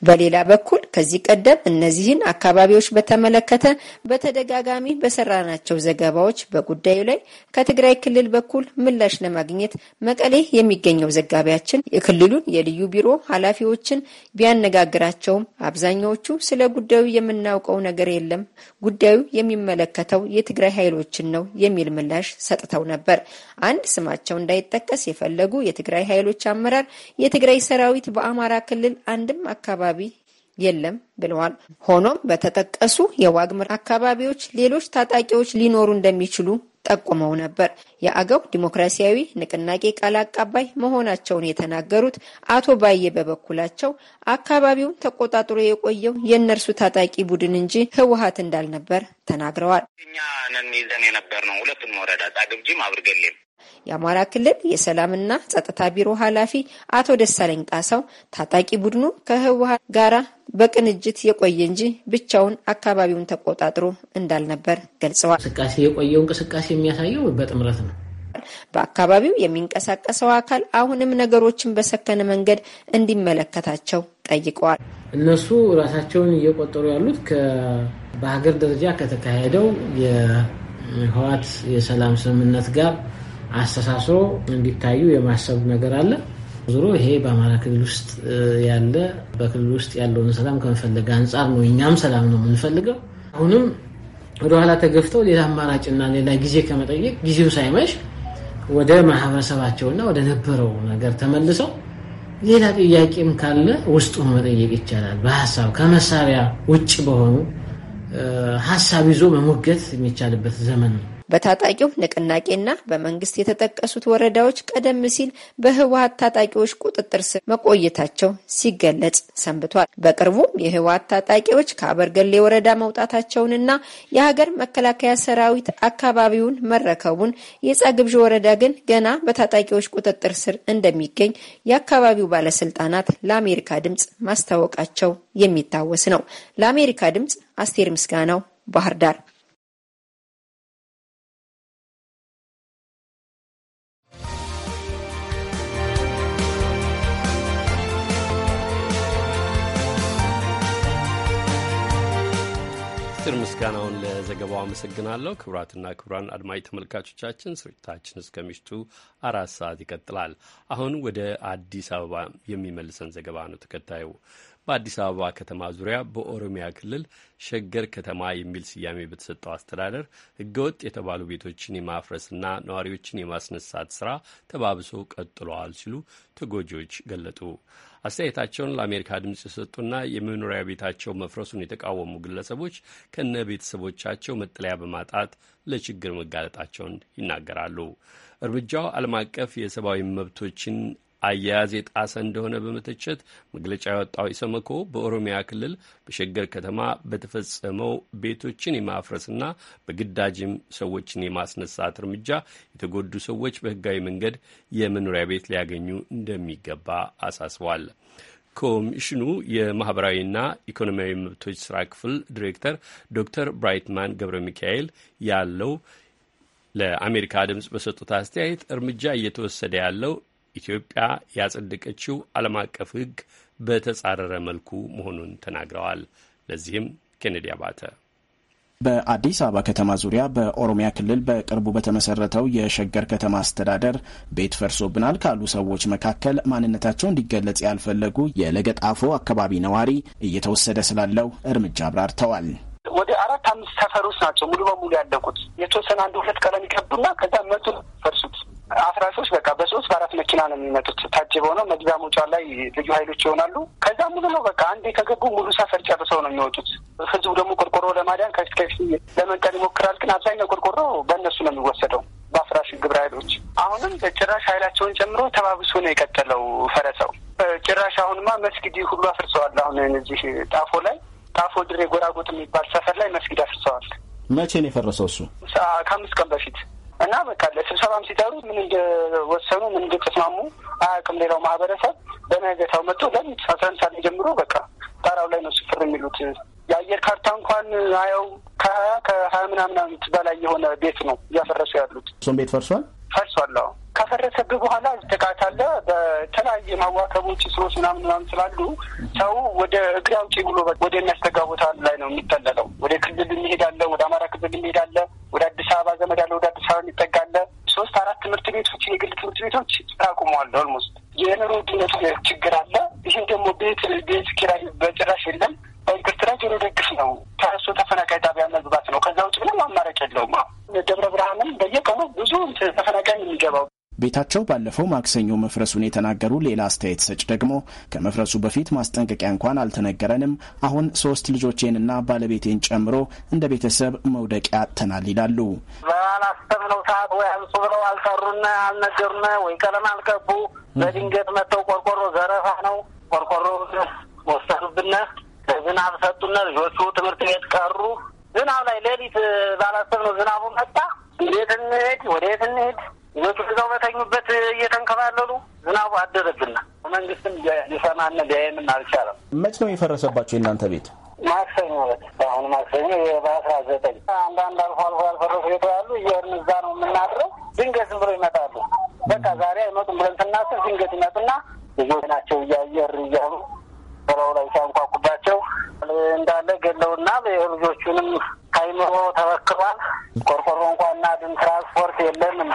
በሌላ በኩል ከዚህ ቀደም እነዚህን አካባቢዎች በተመለከተ በተደጋጋሚ በሰራናቸው ዘገባዎች በጉዳዩ ላይ ከትግራይ ክልል በኩል ምላሽ ለማግኘት መቀሌ የሚገኘው ዘጋቢያችን የክልሉን የልዩ ቢሮ ኃላፊዎችን ቢያነጋግራቸውም አብዛኛዎቹ ስለ ጉዳዩ የምናውቀው ነገር የለም ጉዳዩ የሚመለከተው የትግራይ ኃይሎችን ነው የሚል ምላሽ ሰጥተው ነበር። አንድ ስማቸው እንዳይጠቀስ የፈለጉ የትግራይ ኃይሎች አመራር የትግራይ ሰራዊት በአማራ ክልል አንድም አካባቢ የለም ብለዋል። ሆኖም በተጠቀሱ የዋግምር አካባቢዎች ሌሎች ታጣቂዎች ሊኖሩ እንደሚችሉ ጠቁመው ነበር። የአገው ዲሞክራሲያዊ ንቅናቄ ቃል አቀባይ መሆናቸውን የተናገሩት አቶ ባዬ በበኩላቸው አካባቢውን ተቆጣጥሮ የቆየው የእነርሱ ታጣቂ ቡድን እንጂ ህወሀት እንዳልነበር ተናግረዋል። እኛ ነን ይዘን የነበር ነው ሁለቱን ወረዳ ጻግብጂም አብርገሌም የአማራ ክልል የሰላምና ጸጥታ ቢሮ ኃላፊ አቶ ደሳለኝ ጣሰው ታጣቂ ቡድኑ ከህወሀት ጋራ በቅንጅት የቆየ እንጂ ብቻውን አካባቢውን ተቆጣጥሮ እንዳልነበር ገልጸዋል። እንቅስቃሴ የቆየው እንቅስቃሴ የሚያሳየው በጥምረት ነው። በአካባቢው የሚንቀሳቀሰው አካል አሁንም ነገሮችን በሰከነ መንገድ እንዲመለከታቸው ጠይቀዋል። እነሱ ራሳቸውን እየቆጠሩ ያሉት በሀገር ደረጃ ከተካሄደው የህወሓት የሰላም ስምምነት ጋር አስተሳስሮ እንዲታዩ የማሰብ ነገር አለ። ዞሮ ይሄ በአማራ ክልል ውስጥ ያለ በክልል ውስጥ ያለውን ሰላም ከመፈለግ አንጻር ነው። እኛም ሰላም ነው የምንፈልገው። አሁንም ወደኋላ ተገፍተው ሌላ አማራጭና ሌላ ጊዜ ከመጠየቅ ጊዜው ሳይመሽ ወደ ማህበረሰባቸውና ወደ ነበረው ነገር ተመልሰው ሌላ ጥያቄም ካለ ውስጡ መጠየቅ ይቻላል። በሀሳብ ከመሳሪያ ውጭ በሆኑ ሀሳብ ይዞ መሞገት የሚቻልበት ዘመን ነው። በታጣቂው ንቅናቄና በመንግስት የተጠቀሱት ወረዳዎች ቀደም ሲል በህወሀት ታጣቂዎች ቁጥጥር ስር መቆየታቸው ሲገለጽ ሰንብቷል። በቅርቡ የህወሀት ታጣቂዎች ከአበርገሌ ወረዳ መውጣታቸውንና የሀገር መከላከያ ሰራዊት አካባቢውን መረከቡን፣ የጻግብዥ ወረዳ ግን ገና በታጣቂዎች ቁጥጥር ስር እንደሚገኝ የአካባቢው ባለስልጣናት ለአሜሪካ ድምጽ ማስታወቃቸው የሚታወስ ነው። ለአሜሪካ ድምጽ አስቴር ምስጋናው ባህር ዳር አስቴር ምስጋናውን ለዘገባው አመሰግናለሁ። ክቡራትና ክቡራን አድማጭ ተመልካቾቻችን ስርጭታችን እስከ ምሽቱ አራት ሰዓት ይቀጥላል። አሁን ወደ አዲስ አበባ የሚመልሰን ዘገባ ነው ተከታዩ በአዲስ አበባ ከተማ ዙሪያ በኦሮሚያ ክልል ሸገር ከተማ የሚል ስያሜ በተሰጠው አስተዳደር ህገወጥ የተባሉ ቤቶችን የማፍረስና ነዋሪዎችን የማስነሳት ስራ ተባብሶ ቀጥለዋል ሲሉ ተጎጂዎች ገለጡ። አስተያየታቸውን ለአሜሪካ ድምፅ የሰጡና የመኖሪያ ቤታቸው መፍረሱን የተቃወሙ ግለሰቦች ከነ ቤተሰቦቻቸው መጠለያ በማጣት ለችግር መጋለጣቸውን ይናገራሉ። እርምጃው ዓለም አቀፍ የሰብአዊ መብቶችን አያያዝ የጣሰ እንደሆነ በመተቸት መግለጫ ያወጣው ኢሰመኮ በኦሮሚያ ክልል በሸገር ከተማ በተፈጸመው ቤቶችን የማፍረስና በግዳጅም ሰዎችን የማስነሳት እርምጃ የተጎዱ ሰዎች በህጋዊ መንገድ የመኖሪያ ቤት ሊያገኙ እንደሚገባ አሳስቧል። ኮሚሽኑ የማህበራዊና ኢኮኖሚያዊ መብቶች ስራ ክፍል ዲሬክተር ዶክተር ብራይትማን ገብረ ሚካኤል ያለው ለአሜሪካ ድምፅ በሰጡት አስተያየት እርምጃ እየተወሰደ ያለው ኢትዮጵያ ያጸደቀችው ዓለም አቀፍ ሕግ በተጻረረ መልኩ መሆኑን ተናግረዋል። ለዚህም ኬኔዲ አባተ በአዲስ አበባ ከተማ ዙሪያ በኦሮሚያ ክልል በቅርቡ በተመሰረተው የሸገር ከተማ አስተዳደር ቤት ፈርሶብናል ካሉ ሰዎች መካከል ማንነታቸው እንዲገለጽ ያልፈለጉ የለገጣፎ አካባቢ ነዋሪ እየተወሰደ ስላለው እርምጃ አብራርተዋል። ወደ አራት አምስት ሰፈሮች ናቸው ሙሉ በሙሉ ያለቁት። የተወሰነ አንድ ሁለት ቀለም ይቀቡና ከዛ መቱ ፈርሱት ሶስት በቃ በሶስት በአራት መኪና ነው የሚመጡት። ታጅበው ነው መግቢያ መውጫ ላይ ልዩ ኃይሎች ይሆናሉ። ከዛ ሙሉ ነው በቃ አንዴ ከገቡ ሙሉ ሰፈር ጨርሰው ነው የሚወጡት። ህዝቡ ደግሞ ቆርቆሮ ለማዳን ከፊት ከፊት ለመንቀል ይሞክራል። ግን አብዛኛው ቆርቆሮ በእነሱ ነው የሚወሰደው በአፍራሽ ግብረ ኃይሎች። አሁንም በጭራሽ ኃይላቸውን ጨምሮ ተባብሶ ነው የቀጠለው ፈረሰው። ጭራሽ አሁንማ መስጊድ ሁሉ አፍርሰዋል። አሁን እዚህ ጣፎ ላይ ጣፎ ድሬ ጎራጎጥ የሚባል ሰፈር ላይ መስጊድ አፍርሰዋል። መቼ ነው የፈረሰው እሱ? ከአምስት ቀን በፊት እና በቃ ለስብሰባም ሲጠሩ ምን እንደወሰኑ ምን እንደተስማሙ አያውቅም። ሌላው ማህበረሰብ በነገታው መጥቶ ለምን አስራ ሰዓት ጀምሮ በቃ ጣራው ላይ ነው ስፍር የሚሉት የአየር ካርታ እንኳን ሀያው ከሀያ ከሀያ ምናምን በላይ የሆነ ቤት ነው እያፈረሱ ያሉት። እሱም ቤት ፈርሷል ፈርሷል። አዎ ከፈረሰብህ በኋላ ጥቃት አለ። በተለያየ ማዋከቦች ስሮች ምናምን ምናምን ስላሉ ሰው ወደ እግር አውጪ ብሎ ወደ የሚያስተጋ ቦታ ላይ ነው የሚጠለለው። ወደ ክልል የሚሄዳለ፣ ወደ አማራ ክልል የሚሄዳለ፣ ወደ አዲስ አበባ ዘመድ ያለ ወደ አዲስ አበባ የሚጠጋለ። ሶስት አራት ትምህርት ቤቶች፣ የግል ትምህርት ቤቶች ታቁመዋል። ኦልሞስት የኑሮ ውድነት ችግር አለ። ይህም ደግሞ ቤት ቤት ኪራይ በጭራሽ የለም። ላይ ጆሮ ደግፍ ነው ተረሶ ተፈናቃይ ጣቢያ መግባት ነው። ከዛ ውጭ ምንም አማራጭ የለውም። ደብረ ብርሃንም በየቀኑ ብዙ ተፈናቃይ የሚገባው ቤታቸው ባለፈው ማክሰኞ መፍረሱን የተናገሩ ሌላ አስተያየት ሰጭ ደግሞ ከመፍረሱ በፊት ማስጠንቀቂያ እንኳን አልተነገረንም፣ አሁን ሶስት ልጆቼንና ባለቤቴን ጨምሮ እንደ ቤተሰብ መውደቂያ አጥተናል ይላሉ። ባላሰብነው ሰዓት ወይ አንሱ ብለው አልጠሩና አልነገሩና ወይ ቀለም አልቀቡ፣ በድንገት መጥተው ቆርቆሮ ዘረፋ ነው ቆርቆሮ ወሰዱብነ፣ ዝናብ ሰጡነ፣ ልጆቹ ትምህርት ቤት ቀሩ። ዝናብ ላይ ሌሊት ባላሰብነው ዝናቡ መጣ። እንዴት እንሄድ? ወደ እንሄድ? በዛው በተኙበት እየተንከባለሉ ዝናቡ አደረብና መንግስትም ሊሰማን ሊያየምን አልቻለም። መች ነው የፈረሰባቸው የእናንተ ቤት? ማክሰኞ ዕለት አሁን ማክሰኞ በአስራ ዘጠኝ አንዳንድ አልፎ አልፎ ያልፈረሱ ቤቶ ያሉ እየሄድን እዛ ነው የምናድረው። ድንገት ዝም ብሎ ይመጣሉ። በቃ ዛሬ አይመጡም ብለን ስናስብ ድንገት ይመጡና ልጆች ናቸው እያየር እያሉ በላዩ ላይ ሲያንኳኩባቸው እንዳለ ገለውና ልጆቹንም ካይምሮ ተበክሯል። አልቻድም፣ ትራንስፖርት የለንም፣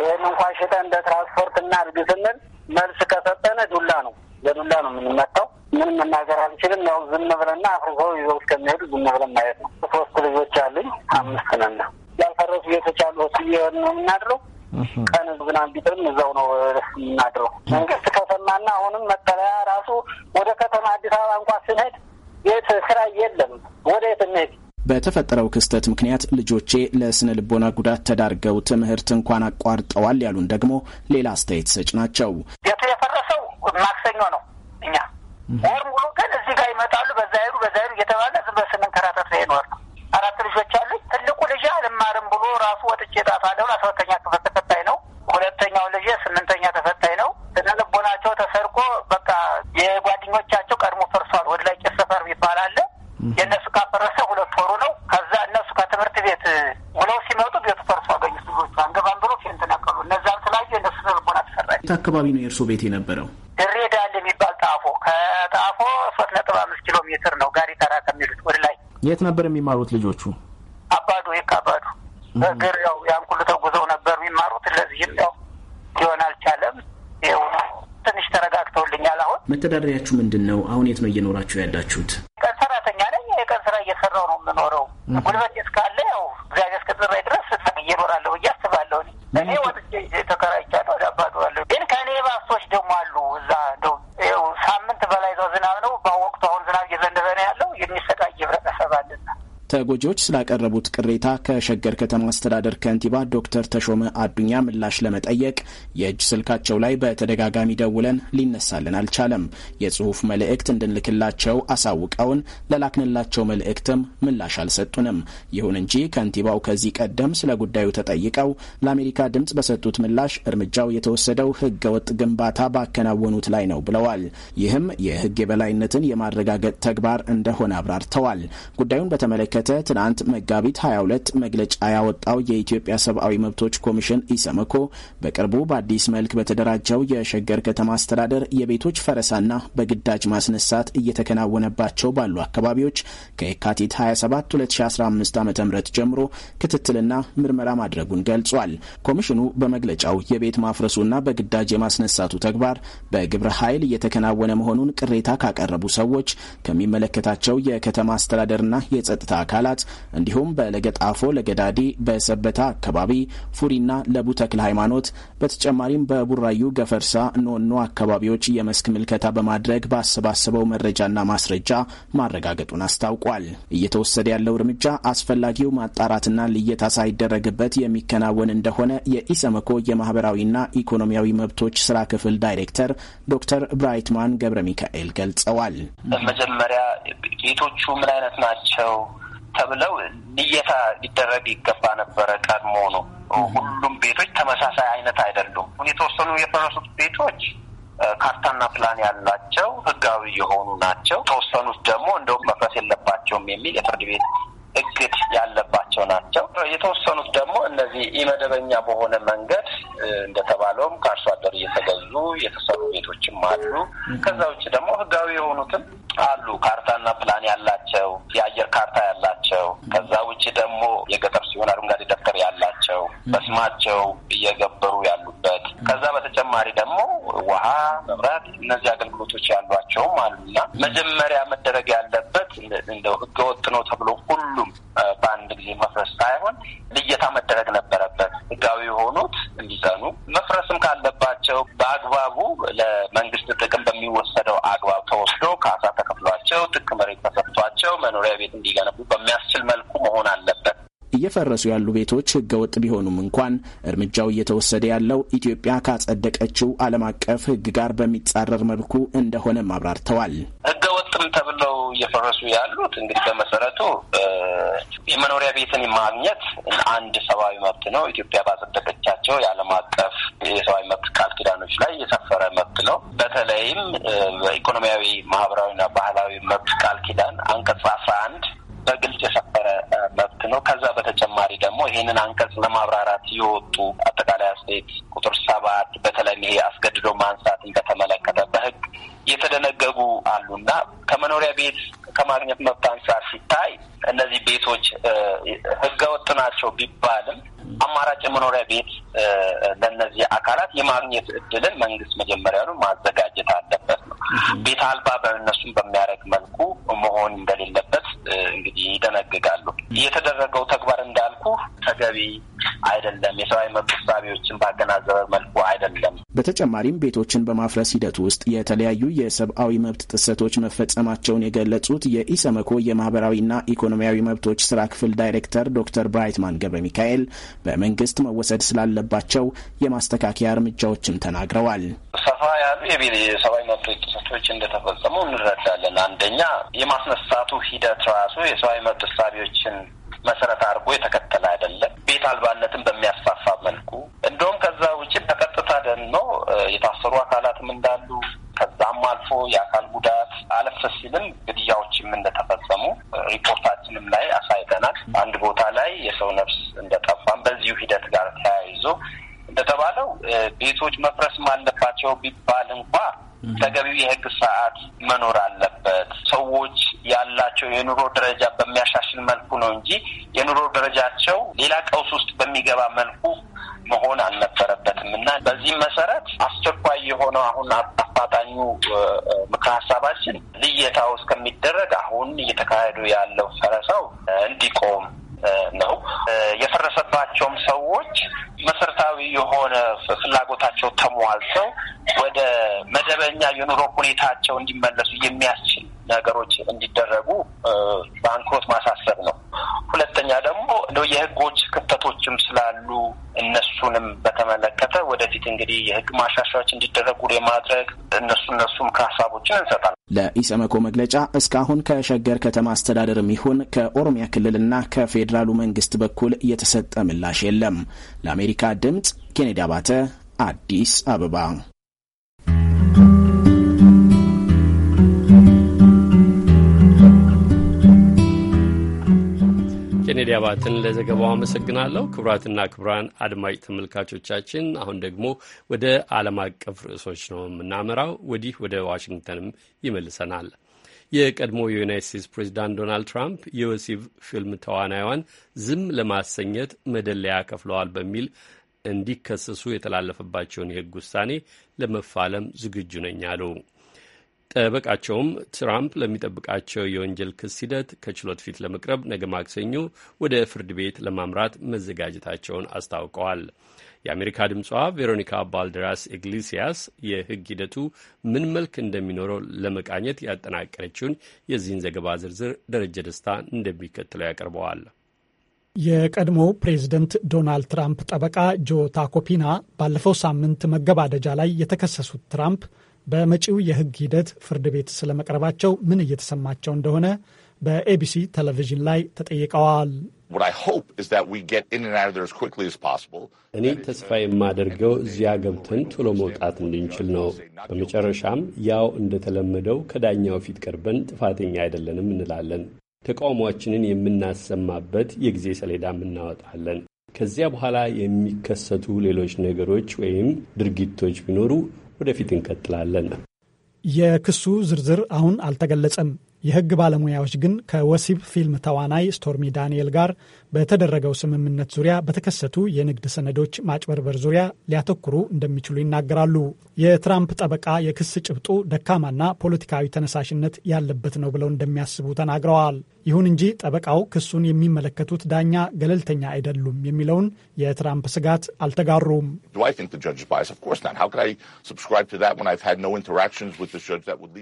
ይህን እንኳ ሽጠን እንደ ትራንስፖርት እናድርግ ስንል መልስ ከሰጠነ ዱላ ነው፣ በዱላ ነው የምንመታው። ምንም መናገር አልችልም። ያው ዝም ብለና አፍርሰው ይዘው እስከሚሄዱ ዝም ብለን ማየት ነው። ሶስት ልጆች አሉኝ፣ አምስት ነን። ያልፈረሱ ቤቶች አሉ፣ እሱ ነው የምናድረው። ቀን ዝናብ ቢጥልም እዛው ነው የምናድረው። መንግስት ከሰማና አሁንም መጠለያ ራሱ ወደ ከተማ አዲስ አበባ እንኳ ስንሄድ የት ስራ የለም። ወደ የት እንሄድ? በተፈጠረው ክስተት ምክንያት ልጆቼ ለስነ ልቦና ጉዳት ተዳርገው ትምህርት እንኳን አቋርጠዋል ያሉን ደግሞ ሌላ አስተያየት ሰጭ ናቸው። ቤቱ የፈረሰው ማክሰኞ ነው። እኛ ወር ሙሉ ግን እዚህ ጋር ይመጣሉ። በዛ ሄዱ፣ በዛ ሄዱ እየተባለ ዝም ብለን ስንንከራተት ነው የኖር ነው። አራት ልጆች አሉኝ። ትልቁ ልጅ አልማርም ብሎ ራሱ ወጥቼ ጣፋለሁን አስራ ሁለተኛ ክፍል ተፈታኝ ነው። ሁለተኛው ልጅ ስምንተኛ ተፈታኝ ነው። ስነ ልቦናቸው ተሰርቆ በቃ የጓደኞቻቸው ቀድሞ ፈርሷል። ወደ ላይ ቄስ ሰፈር ይባላል የእነሱ ካፈረሰ ሁለት ወሩ ነው። ከዛ እነሱ ከትምህርት ቤት ውለው ሲመጡ ቤቱ ፈርሶ አገኙት። ልጆቹ አንገባን ብሎ ፊን ተናቀሉ። እነዛም ስላዩ የእነሱ ስነልቦና ተሰራች። አካባቢ ነው የእርሶ ቤት የነበረው? ድሬዳል የሚባል ጣፎ፣ ከጣፎ ሶስት ነጥብ አምስት ኪሎ ሜትር ነው ጋሪ ተራ ከሚሉት ወደ ላይ። የት ነበር የሚማሩት ልጆቹ? አባዱ ይካ አባዱ በእግር ያው ያን ሁሉ ተጉዘው ነበር የሚማሩት። ለዚህም ያው ሊሆን አልቻለም። ይኸው ትንሽ ተረጋግተውልኛል። አሁን መተዳደሪያችሁ ምንድን ነው? አሁን የት ነው እየኖራችሁ ያላችሁት? ስራ እየሰራው ነው የምኖረው። ጉልበት እስካለ ያው እግዚአብሔር እስከጠራኝ ድረስ ታግዬ እኖራለሁ ብዬ አስባለሁ። እኔ ወጥቼ ተከራይቻለሁ። ወደ አባቱ አለሁ። ግን ከእኔ ባሶች ደግሞ አሉ እዛ እንደው ሳምንት በላይ እዛው ዝናብ ነው በወቅቱ። አሁን ዝናብ እየዘነበ ነው ያለው። የሚሰቃይ ህብረተሰብ አለና ተጎጂዎች ስላቀረቡት ቅሬታ ከሸገር ከተማ አስተዳደር ከንቲባ ዶክተር ተሾመ አዱኛ ምላሽ ለመጠየቅ የእጅ ስልካቸው ላይ በተደጋጋሚ ደውለን ሊነሳልን አልቻለም። የጽሁፍ መልእክት እንድንልክላቸው አሳውቀውን ለላክንላቸው መልእክትም ምላሽ አልሰጡንም። ይሁን እንጂ ከንቲባው ከዚህ ቀደም ስለ ጉዳዩ ተጠይቀው ለአሜሪካ ድምፅ በሰጡት ምላሽ እርምጃው የተወሰደው ህገወጥ ግንባታ ባከናወኑት ላይ ነው ብለዋል። ይህም የህግ የበላይነትን የማረጋገጥ ተግባር እንደሆነ አብራርተዋል። ጉዳዩን በተመለከተ በተመለከተ ትናንት መጋቢት 22 መግለጫ ያወጣው የኢትዮጵያ ሰብአዊ መብቶች ኮሚሽን ኢሰመኮ በቅርቡ በአዲስ መልክ በተደራጀው የሸገር ከተማ አስተዳደር የቤቶች ፈረሳና በግዳጅ ማስነሳት እየተከናወነባቸው ባሉ አካባቢዎች ከየካቲት 27 2015 ዓ ም ጀምሮ ክትትልና ምርመራ ማድረጉን ገልጿል። ኮሚሽኑ በመግለጫው የቤት ማፍረሱና በግዳጅ የማስነሳቱ ተግባር በግብረ ኃይል እየተከናወነ መሆኑን ቅሬታ ካቀረቡ ሰዎች ከሚመለከታቸው የከተማ አስተዳደርና የጸጥታ አካል አካላት እንዲሁም በለገጣፎ ለገዳዲ፣ በሰበታ አካባቢ ፉሪና ለቡ ተክለ ሃይማኖት በተጨማሪም በቡራዩ ገፈርሳ ኖኖ አካባቢዎች የመስክ ምልከታ በማድረግ ባሰባሰበው መረጃና ማስረጃ ማረጋገጡን አስታውቋል። እየተወሰደ ያለው እርምጃ አስፈላጊው ማጣራትና ልየታ ሳይደረግበት የሚከናወን እንደሆነ የኢሰመኮ የማህበራዊና ኢኮኖሚያዊ መብቶች ስራ ክፍል ዳይሬክተር ዶክተር ብራይትማን ገብረ ሚካኤል ገልጸዋል። በመጀመሪያ ጌቶቹ ምን አይነት ናቸው? ተብለው ልየታ ሊደረግ ይገባ ነበረ። ቀድሞ ነው ሁሉም ቤቶች ተመሳሳይ አይነት አይደሉም። የተወሰኑ የፈረሱት ቤቶች ካርታና ፕላን ያላቸው ህጋዊ የሆኑ ናቸው። የተወሰኑት ደግሞ እንደውም መፍረስ የለባቸውም የሚል የፍርድ ቤት እግድ ያለባቸው ናቸው። የተወሰኑት ደግሞ እነዚህ ኢመደበኛ በሆነ መንገድ እንደተባለውም ከአርሶ አደር እየተገዙ የተሰሩ ቤቶችም አሉ። ከዛ ውጭ ደግሞ ህጋዊ የሆኑትም አሉ ካርታ ስማቸው እየገበሩ ያሉበት ከዛ በተጨማሪ ደግሞ ውሃ፣ መብራት እነዚህ አገልግሎቶች ያሏቸውም አሉና መጀመሪያ መደረግ ያለበት እንደው ህገወጥ ነው ተብሎ ሁሉም በአንድ ጊዜ መፍረስ ሳይሆን ልየታ መደረግ ነበር። እየፈረሱ ያሉ ቤቶች ህገወጥ ቢሆኑም እንኳን እርምጃው እየተወሰደ ያለው ኢትዮጵያ ካጸደቀችው ዓለም አቀፍ ህግ ጋር በሚጻረር መልኩ እንደሆነ አብራርተዋል። ህገወጥም ተብለው እየፈረሱ ያሉት እንግዲህ በመሰረቱ የመኖሪያ ቤትን ማግኘት አንድ ሰብአዊ መብት ነው። ኢትዮጵያ ባጸደቀቻቸው የዓለም አቀፍ የሰብአዊ መብት ቃል ኪዳኖች ላይ የሰፈረ መብት ነው። በተለይም በኢኮኖሚያዊ ማህበራዊና ባህላዊ መብት ቃል ኪዳን አንቀጽ አስራ አንድ በግልጽ የሰፈረ መብት ነው። ከዛ በተጨ ይህንን አንቀጽ ለማብራራት የወጡ አጠቃላይ አስተያየት ቁጥር ሰባት በተለይ ይሄ አስገድዶ ማንሳትን በተመለከተ በህግ የተደነገጉ አሉና ከመኖሪያ ቤት ከማግኘት መብት አንጻር ሲታይ እነዚህ ቤቶች ህገወጥ ናቸው ቢባልም አማራጭ የመኖሪያ ቤት ለእነዚህ አካላት የማግኘት እድልን መንግስት መጀመሪያኑ ማዘጋጀት አለበት ነው። ቤት አልባ በእነሱም በሚያደርግ መልኩ መሆን እንደሌለበት እንግዲህ ይደነግጋሉ። የተደረገው ተግባር እንዳልኩ ተገቢ አይደለም፣ የሰብአዊ መብት ሳቢዎችን ባገናዘበ መልኩ አይደለም። በተጨማሪም ቤቶችን በማፍረስ ሂደት ውስጥ የተለያዩ የሰብአዊ መብት ጥሰቶች መፈጸማቸውን የገለጹት የኢሰመኮ የማህበራዊና ኢኮኖሚያዊ መብቶች ስራ ክፍል ዳይሬክተር ዶክተር ብራይትማን ገብረ ሚካኤል በመንግስት መወሰድ ስላለባቸው የማስተካከያ እርምጃዎችም ተናግረዋል። ሰፋ ያሉ የሰብአዊ መብቶች ጥሰቶች እንደተፈጸሙ እንረዳለን። አንደኛ የማስነሳቱ ሂደት ራሱ የሰብአዊ መብት ሳቢዎችን መሰረት አድርጎ የተከተለ አይደለም። ቤት አልባነትን በሚያስፋፋ መልኩ እንደውም ከዛ ውጭ በቀጥታ ደግሞ የታሰሩ አካላትም እንዳሉ ከዛም አልፎ የአካል ጉዳት አለፈ ሲልም ግድያዎችም እንደተፈጸሙ ሪፖርታችንም ላይ አሳይተናል። አንድ ቦታ ላይ የሰው ነፍስ እንደጠፋም በዚሁ ሂደት ጋር ተያይዞ እንደተባለው ቤቶች መፍረስም አለባቸው ቢባል እንኳ ተገቢው የህግ ስርዓት መኖር አለበት። ሰዎች ያላቸው የኑሮ ደረጃ በሚያሻሽል መልኩ ነው እንጂ የኑሮ ደረጃቸው ሌላ ቀውስ ውስጥ በሚገባ መልኩ መሆን አልነበረበትም እና በዚህም መሰረት አስቸኳይ የሆነው አሁን አፋጣኙ ምክረ ሀሳባችን ልየታው እስከሚደረግ አሁን እየተካሄዱ ያለው ፈረሳው እንዲቆም ነው። የፈረሰባቸውም ሰዎች መሰረታዊ የሆነ ፍላጎታቸው ተሟልተው ወደ መደበኛ የኑሮ ሁኔታቸው እንዲመለሱ የሚያስችል ነገሮች እንዲደረጉ በአንክሮት ማሳሰብ ነው። ሁለተኛ ደግሞ እንደው የህጎች ክፍተቶችም ስላሉ እነሱንም በተመለከተ ወደፊት እንግዲህ የህግ ማሻሻያዎች እንዲደረጉ የማድረግ እነሱ እነሱም ከሀሳቦችን እንሰጣለን። ለኢሰመኮ መግለጫ እስካሁን ከሸገር ከተማ አስተዳደርም ይሁን ከኦሮሚያ ክልልና ከፌዴራሉ መንግስት በኩል የተሰጠ ምላሽ የለም። ለአሜሪካ ድምፅ ኬኔዲ አባተ አዲስ አበባ ኬኔዲ አባትን ለዘገባው አመሰግናለሁ። ክቡራትና ክቡራን አድማጭ ተመልካቾቻችን አሁን ደግሞ ወደ ዓለም አቀፍ ርዕሶች ነው የምናመራው። ወዲህ ወደ ዋሽንግተንም ይመልሰናል። የቀድሞ የዩናይት ስቴትስ ፕሬዚዳንት ዶናልድ ትራምፕ የወሲብ ፊልም ተዋናይዋን ዝም ለማሰኘት መደለያ ከፍለዋል በሚል እንዲከሰሱ የተላለፈባቸውን የሕግ ውሳኔ ለመፋለም ዝግጁ ነኝ አሉ። ጠበቃቸውም ትራምፕ ለሚጠብቃቸው የወንጀል ክስ ሂደት ከችሎት ፊት ለመቅረብ ነገ ማክሰኞ ወደ ፍርድ ቤት ለማምራት መዘጋጀታቸውን አስታውቀዋል። የአሜሪካ ድምጿ ቬሮኒካ ባልደራስ ኢግሊሲያስ የሕግ ሂደቱ ምን መልክ እንደሚኖረው ለመቃኘት ያጠናቀረችውን የዚህን ዘገባ ዝርዝር ደረጀ ደስታ እንደሚከተለው ያቀርበዋል። የቀድሞው ፕሬዝደንት ዶናልድ ትራምፕ ጠበቃ ጆ ታኮፒና ባለፈው ሳምንት መገባደጃ ላይ የተከሰሱት ትራምፕ በመጪው የህግ ሂደት ፍርድ ቤት ስለመቅረባቸው ምን እየተሰማቸው እንደሆነ በኤቢሲ ቴሌቪዥን ላይ ተጠይቀዋል። እኔ ተስፋ የማደርገው እዚያ ገብተን ቶሎ መውጣት እንድንችል ነው። በመጨረሻም ያው እንደተለመደው ከዳኛው ፊት ቀርበን ጥፋተኛ አይደለንም እንላለን። ተቃውሟችንን የምናሰማበት የጊዜ ሰሌዳም እናወጣለን። ከዚያ በኋላ የሚከሰቱ ሌሎች ነገሮች ወይም ድርጊቶች ቢኖሩ ወደፊት እንቀጥላለን። የክሱ ዝርዝር አሁን አልተገለጸም። የህግ ባለሙያዎች ግን ከወሲብ ፊልም ተዋናይ ስቶርሚ ዳንኤል ጋር በተደረገው ስምምነት ዙሪያ በተከሰቱ የንግድ ሰነዶች ማጭበርበር ዙሪያ ሊያተኩሩ እንደሚችሉ ይናገራሉ። የትራምፕ ጠበቃ የክስ ጭብጡ ደካማና ፖለቲካዊ ተነሳሽነት ያለበት ነው ብለው እንደሚያስቡ ተናግረዋል። ይሁን እንጂ ጠበቃው ክሱን የሚመለከቱት ዳኛ ገለልተኛ አይደሉም የሚለውን የትራምፕ ስጋት አልተጋሩም።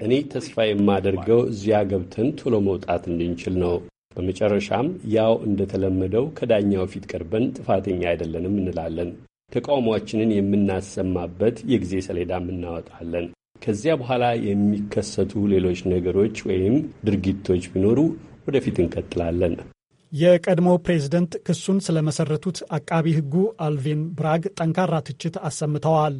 እኔ ተስፋ የማደርገው እዚያ ገብተን ቶሎ መውጣት እንድንችል ነው። በመጨረሻም ያው እንደተለመደው ከዳኛው ፊት ቀርበን ጥፋተኛ አይደለንም እንላለን። ተቃውሟችንን የምናሰማበት የጊዜ ሰሌዳም እናወጣለን። ከዚያ በኋላ የሚከሰቱ ሌሎች ነገሮች ወይም ድርጊቶች ቢኖሩ ወደፊት እንቀጥላለን። የቀድሞ ፕሬዝደንት ክሱን ስለመሰረቱት አቃቢ ሕጉ አልቪን ብራግ ጠንካራ ትችት አሰምተዋል።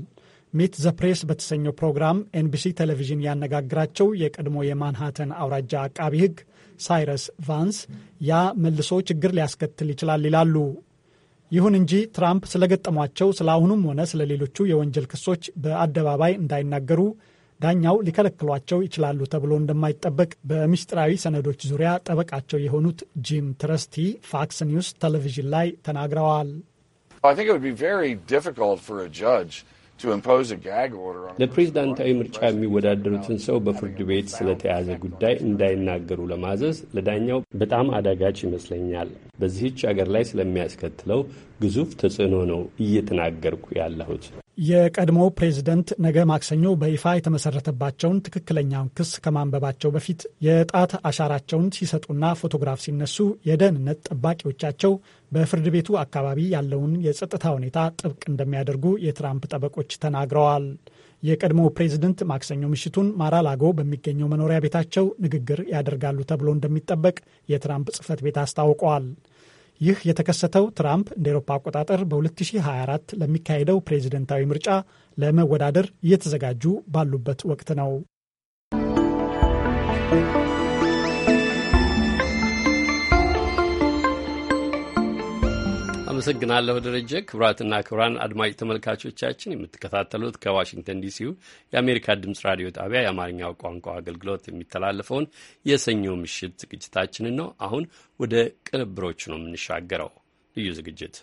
ሚት ዘ ፕሬስ በተሰኘው ፕሮግራም ኤንቢሲ ቴሌቪዥን ያነጋግራቸው የቀድሞ የማንሃተን አውራጃ አቃቢ ሕግ ሳይረስ ቫንስ ያ መልሶ ችግር ሊያስከትል ይችላል ይላሉ። ይሁን እንጂ ትራምፕ ስለገጠሟቸው ስለ አሁኑም ሆነ ስለ ሌሎቹ የወንጀል ክሶች በአደባባይ እንዳይናገሩ ዳኛው ሊከለክሏቸው ይችላሉ ተብሎ እንደማይጠበቅ በምስጢራዊ ሰነዶች ዙሪያ ጠበቃቸው የሆኑት ጂም ትረስቲ ፋክስ ኒውስ ቴሌቪዥን ላይ ተናግረዋል። ለፕሬዝዳንታዊ ምርጫ የሚወዳደሩትን ሰው በፍርድ ቤት ስለተያዘ ጉዳይ እንዳይናገሩ ለማዘዝ ለዳኛው በጣም አዳጋች ይመስለኛል። በዚህች አገር ላይ ስለሚያስከትለው ግዙፍ ተጽዕኖ ነው እየተናገርኩ ያለሁት። የቀድሞው ፕሬዝደንት ነገ ማክሰኞ በይፋ የተመሰረተባቸውን ትክክለኛውን ክስ ከማንበባቸው በፊት የጣት አሻራቸውን ሲሰጡና ፎቶግራፍ ሲነሱ የደህንነት ጠባቂዎቻቸው በፍርድ ቤቱ አካባቢ ያለውን የጸጥታ ሁኔታ ጥብቅ እንደሚያደርጉ የትራምፕ ጠበቆች ተናግረዋል። የቀድሞው ፕሬዝደንት ማክሰኞ ምሽቱን ማራላጎ በሚገኘው መኖሪያ ቤታቸው ንግግር ያደርጋሉ ተብሎ እንደሚጠበቅ የትራምፕ ጽህፈት ቤት አስታውቀዋል። ይህ የተከሰተው ትራምፕ እንደ ኤሮፓ አቆጣጠር በ2024 ለሚካሄደው ፕሬዚደንታዊ ምርጫ ለመወዳደር እየተዘጋጁ ባሉበት ወቅት ነው። አመሰግናለሁ ደረጀ። ክቡራትና ክቡራን አድማጭ ተመልካቾቻችን የምትከታተሉት ከዋሽንግተን ዲሲው የአሜሪካ ድምፅ ራዲዮ ጣቢያ የአማርኛው ቋንቋ አገልግሎት የሚተላለፈውን የሰኞ ምሽት ዝግጅታችንን ነው። አሁን ወደ ቅንብሮቹ ነው የምንሻገረው። ልዩ ዝግጅት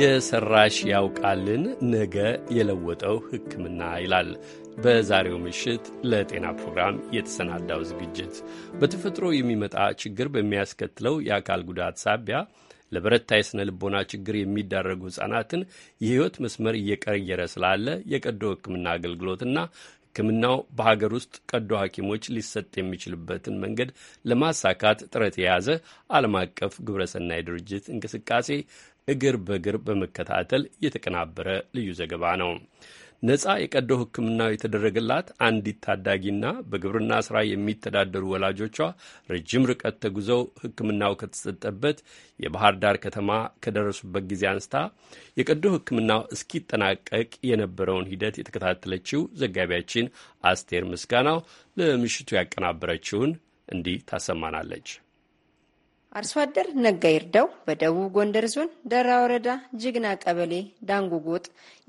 የሰራሽ ያውቃልን ነገ የለወጠው ሕክምና ይላል በዛሬው ምሽት ለጤና ፕሮግራም የተሰናዳው ዝግጅት በተፈጥሮ የሚመጣ ችግር በሚያስከትለው የአካል ጉዳት ሳቢያ ለበረታ የሥነ ልቦና ችግር የሚዳረጉ ሕፃናትን የሕይወት መስመር እየቀየረ ስላለ የቀዶ ሕክምና አገልግሎትና ሕክምናው በሀገር ውስጥ ቀዶ ሐኪሞች ሊሰጥ የሚችልበትን መንገድ ለማሳካት ጥረት የያዘ ዓለም አቀፍ ግብረሰናይ ድርጅት እንቅስቃሴ እግር በእግር በመከታተል የተቀናበረ ልዩ ዘገባ ነው። ነጻ የቀዶ ህክምና የተደረገላት አንዲት ታዳጊና በግብርና ስራ የሚተዳደሩ ወላጆቿ ረጅም ርቀት ተጉዘው ሕክምናው ከተሰጠበት የባህር ዳር ከተማ ከደረሱበት ጊዜ አንስታ የቀዶ ሕክምናው እስኪጠናቀቅ የነበረውን ሂደት የተከታተለችው ዘጋቢያችን አስቴር ምስጋናው ለምሽቱ ያቀናበረችውን እንዲህ ታሰማናለች። አርሶ አደር ነጋ ይርዳው በደቡብ ጎንደር ዞን ደራ ወረዳ ጅግና ቀበሌ ዳንጉጎጥ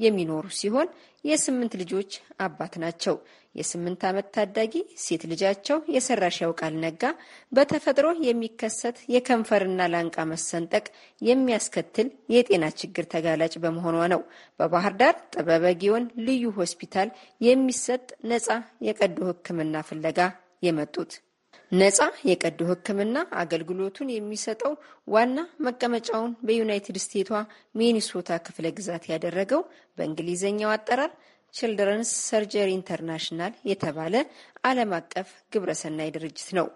የሚኖሩ ሲሆን የስምንት ልጆች አባት ናቸው። የስምንት ዓመት ታዳጊ ሴት ልጃቸው የሰራሽ ያውቃል ነጋ በተፈጥሮ የሚከሰት የከንፈርና ላንቃ መሰንጠቅ የሚያስከትል የጤና ችግር ተጋላጭ በመሆኗ ነው በባህር ዳር ጥበበ ጊዮን ልዩ ሆስፒታል የሚሰጥ ነፃ የቀዶ ሕክምና ፍለጋ የመጡት። ነጻ የቀዶ ሕክምና አገልግሎቱን የሚሰጠው ዋና መቀመጫውን በዩናይትድ ስቴቷ ሚኒሶታ ክፍለ ግዛት ያደረገው በእንግሊዝኛው አጠራር ችልድረንስ ሰርጀሪ ኢንተርናሽናል የተባለ ዓለም አቀፍ ግብረሰናይ ድርጅት ነው።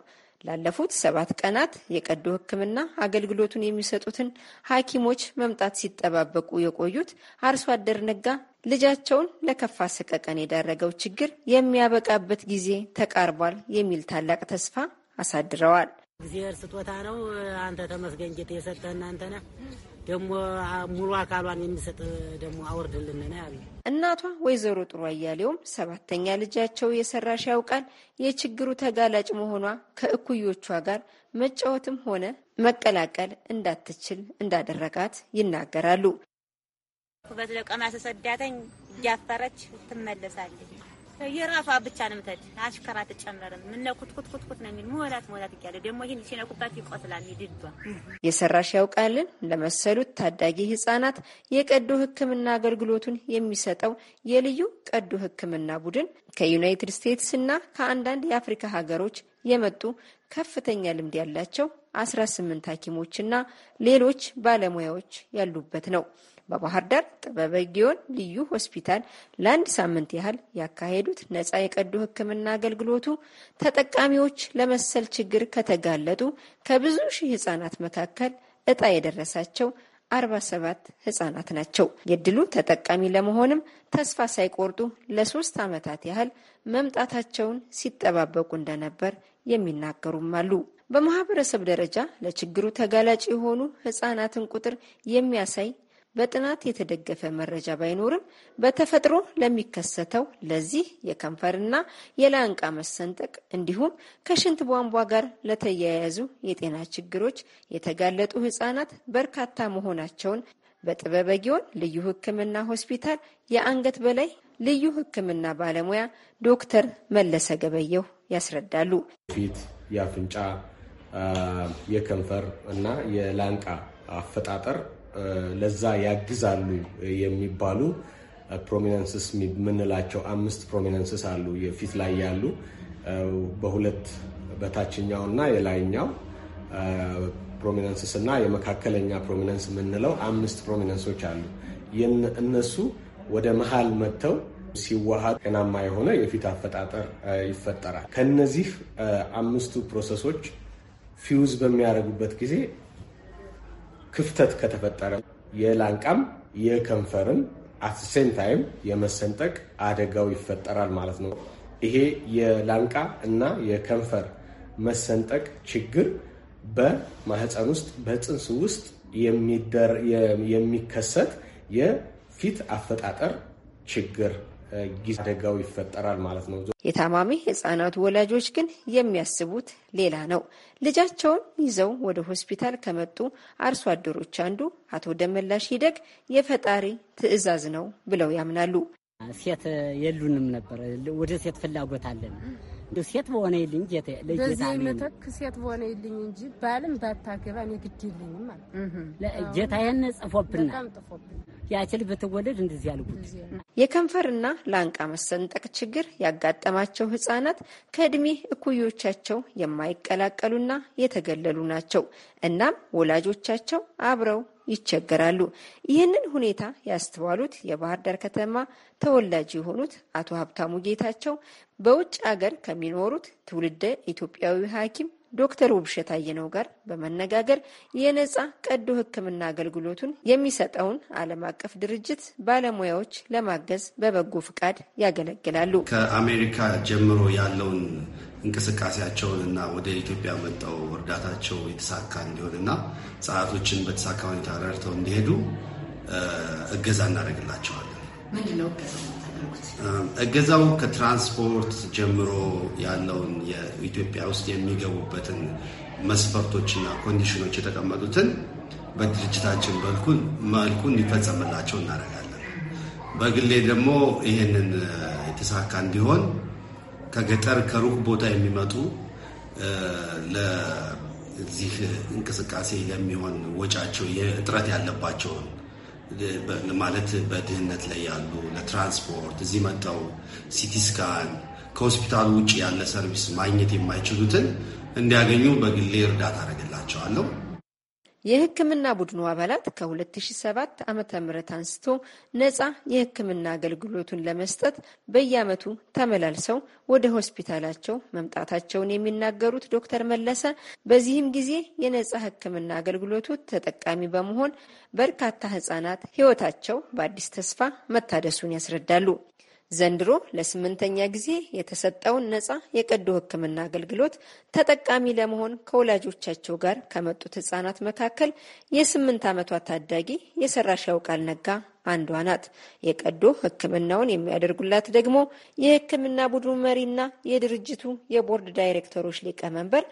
ላለፉት ሰባት ቀናት የቀዶ ሕክምና አገልግሎቱን የሚሰጡትን ሐኪሞች መምጣት ሲጠባበቁ የቆዩት አርሶ አደር ነጋ ልጃቸውን ለከፋ ሰቀቀን የዳረገው ችግር የሚያበቃበት ጊዜ ተቃርቧል የሚል ታላቅ ተስፋ አሳድረዋል። እግዚአብሔር ስጦታ ነው። አንተ ተመስገን ጌታ የሰጠህ እናንተ ነህ ደግሞ ሙሉ አካሏን የሚሰጥ ደግሞ አወርድልን ያሉ እናቷ ወይዘሮ ጥሩ አያሌውም ሰባተኛ ልጃቸው የሰራሽ ያውቃል የችግሩ ተጋላጭ መሆኗ ከእኩዮቿ ጋር መጫወትም ሆነ መቀላቀል እንዳትችል እንዳደረጋት ይናገራሉ። ውበት ለቀማ ተሰዳተኝ እያፈረች ትመለሳለች የራሷ ብቻ ነው የምትሄድ። አሽከራ አትጨመርም። ምን ኩትኩት ኩትኩት ነው የሚል ሞላት ሞላት እያለ ደግሞ ይህን ሲነቁባት ይቆስላል። ይድዷ የሰራሽ ያውቃልን ለመሰሉት ታዳጊ ህጻናት የቀዶ ህክምና አገልግሎቱን የሚሰጠው የልዩ ቀዶ ህክምና ቡድን ከዩናይትድ ስቴትስ እና ከአንዳንድ የአፍሪካ ሀገሮች የመጡ ከፍተኛ ልምድ ያላቸው 18 ሐኪሞችና ሌሎች ባለሙያዎች ያሉበት ነው። በባህር ዳር ጥበበጊዮን ልዩ ሆስፒታል ለአንድ ሳምንት ያህል ያካሄዱት ነጻ የቀዶ ሕክምና አገልግሎቱ ተጠቃሚዎች ለመሰል ችግር ከተጋለጡ ከብዙ ሺህ ህጻናት መካከል እጣ የደረሳቸው 47 ህጻናት ናቸው። የድሉ ተጠቃሚ ለመሆንም ተስፋ ሳይቆርጡ ለሶስት ዓመታት ያህል መምጣታቸውን ሲጠባበቁ እንደነበር የሚናገሩም አሉ። በማህበረሰብ ደረጃ ለችግሩ ተጋላጭ የሆኑ ህጻናትን ቁጥር የሚያሳይ በጥናት የተደገፈ መረጃ ባይኖርም በተፈጥሮ ለሚከሰተው ለዚህ የከንፈርና የላንቃ መሰንጠቅ እንዲሁም ከሽንት ቧንቧ ጋር ለተያያዙ የጤና ችግሮች የተጋለጡ ህጻናት በርካታ መሆናቸውን በጥበበጊዮን ልዩ ሕክምና ሆስፒታል የአንገት በላይ ልዩ ሕክምና ባለሙያ ዶክተር መለሰ ገበየው ያስረዳሉ። ፊት፣ የአፍንጫ፣ የከንፈር እና የላንቃ አፈጣጠር ለዛ ያግዛሉ የሚባሉ ፕሮሚነንስስ የምንላቸው አምስት ፕሮሚነንስስ አሉ። የፊት ላይ ያሉ በሁለት በታችኛው እና የላይኛው ፕሮሚነንስስ እና የመካከለኛ ፕሮሚነንስ የምንለው አምስት ፕሮሚነንሶች አሉ። እነሱ ወደ መሀል መጥተው ሲዋሃድ ጤናማ የሆነ የፊት አፈጣጠር ይፈጠራል። ከነዚህ አምስቱ ፕሮሰሶች ፊውዝ በሚያደርጉበት ጊዜ ክፍተት ከተፈጠረ የላንቃም የከንፈርም አትሴም ታይም የመሰንጠቅ አደጋው ይፈጠራል ማለት ነው። ይሄ የላንቃ እና የከንፈር መሰንጠቅ ችግር በማህፀን ውስጥ በፅንስ ውስጥ የሚከሰት የፊት አፈጣጠር ችግር ጊዜ አደጋው ይፈጠራል ማለት ነው። የታማሚ ህጻናት ወላጆች ግን የሚያስቡት ሌላ ነው። ልጃቸውን ይዘው ወደ ሆስፒታል ከመጡ አርሶ አደሮች አንዱ አቶ ደመላሽ ሂደግ የፈጣሪ ትዕዛዝ ነው ብለው ያምናሉ። ሴት የሉንም ነበር። ወደ ሴት ፍላጎት አለን እንደ ሴት በሆነ ይልኝ ጌታ ለጌታ ምትክ ሴት በሆነ ይልኝ እንጂ ባልም ባታገባ እኔ ግድ የለኝም ማለት ጌታ ይህን ጽፎብና ያችል ብትወለድ እንደዚህ ያልኩት የከንፈርና ላንቃ መሰንጠቅ ችግር ያጋጠማቸው ህጻናት ከእድሜ እኩዮቻቸው የማይቀላቀሉና የተገለሉ ናቸው። እናም ወላጆቻቸው አብረው ይቸገራሉ። ይህንን ሁኔታ ያስተዋሉት የባህር ዳር ከተማ ተወላጅ የሆኑት አቶ ሀብታሙ ጌታቸው በውጭ አገር ከሚኖሩት ትውልደ ኢትዮጵያዊ ሐኪም ዶክተር ውብሸት አየነው ጋር በመነጋገር የነጻ ቀዶ ሕክምና አገልግሎቱን የሚሰጠውን ዓለም አቀፍ ድርጅት ባለሙያዎች ለማገዝ በበጎ ፍቃድ ያገለግላሉ። ከአሜሪካ ጀምሮ ያለውን እንቅስቃሴያቸውን እና ወደ ኢትዮጵያ መጠው እርዳታቸው የተሳካ እንዲሆንና ጸሀቶችን በተሳካ ሁኔታ ረድተው እንዲሄዱ እገዛ እናደርግላቸዋለን። እገዛው ከትራንስፖርት ጀምሮ ያለውን የኢትዮጵያ ውስጥ የሚገቡበትን መስፈርቶችና ኮንዲሽኖች የተቀመጡትን በድርጅታችን መልኩ እንዲፈጸምላቸው እናደርጋለን። በግሌ ደግሞ ይህንን የተሳካ እንዲሆን ከገጠር ከሩቅ ቦታ የሚመጡ ለዚህ እንቅስቃሴ ለሚሆን ወጫቸው እጥረት ያለባቸውን ማለት በድህነት ላይ ያሉ ለትራንስፖርት እዚህ መጠው ሲቲ ስካን ውጭ ያለ ሰርቪስ ማግኘት የማይችሉትን እንዲያገኙ በግሌ እርዳታ አደርግላቸዋለሁ። የህክምና ቡድኑ አባላት ከ2007 ዓ ም አንስቶ ነፃ የህክምና አገልግሎቱን ለመስጠት በየአመቱ ተመላልሰው ወደ ሆስፒታላቸው መምጣታቸውን የሚናገሩት ዶክተር መለሰ በዚህም ጊዜ የነፃ ህክምና አገልግሎቱ ተጠቃሚ በመሆን በርካታ ህጻናት ህይወታቸው በአዲስ ተስፋ መታደሱን ያስረዳሉ። ዘንድሮ ለስምንተኛ ጊዜ የተሰጠውን ነጻ የቀዶ ሕክምና አገልግሎት ተጠቃሚ ለመሆን ከወላጆቻቸው ጋር ከመጡት ህጻናት መካከል የስምንት ዓመቷ ታዳጊ የሰራሽ ያውቃል ነጋ አንዷ ናት። የቀዶ ሕክምናውን የሚያደርጉላት ደግሞ የሕክምና ቡድኑ መሪና የድርጅቱ የቦርድ ዳይሬክተሮች ሊቀመንበር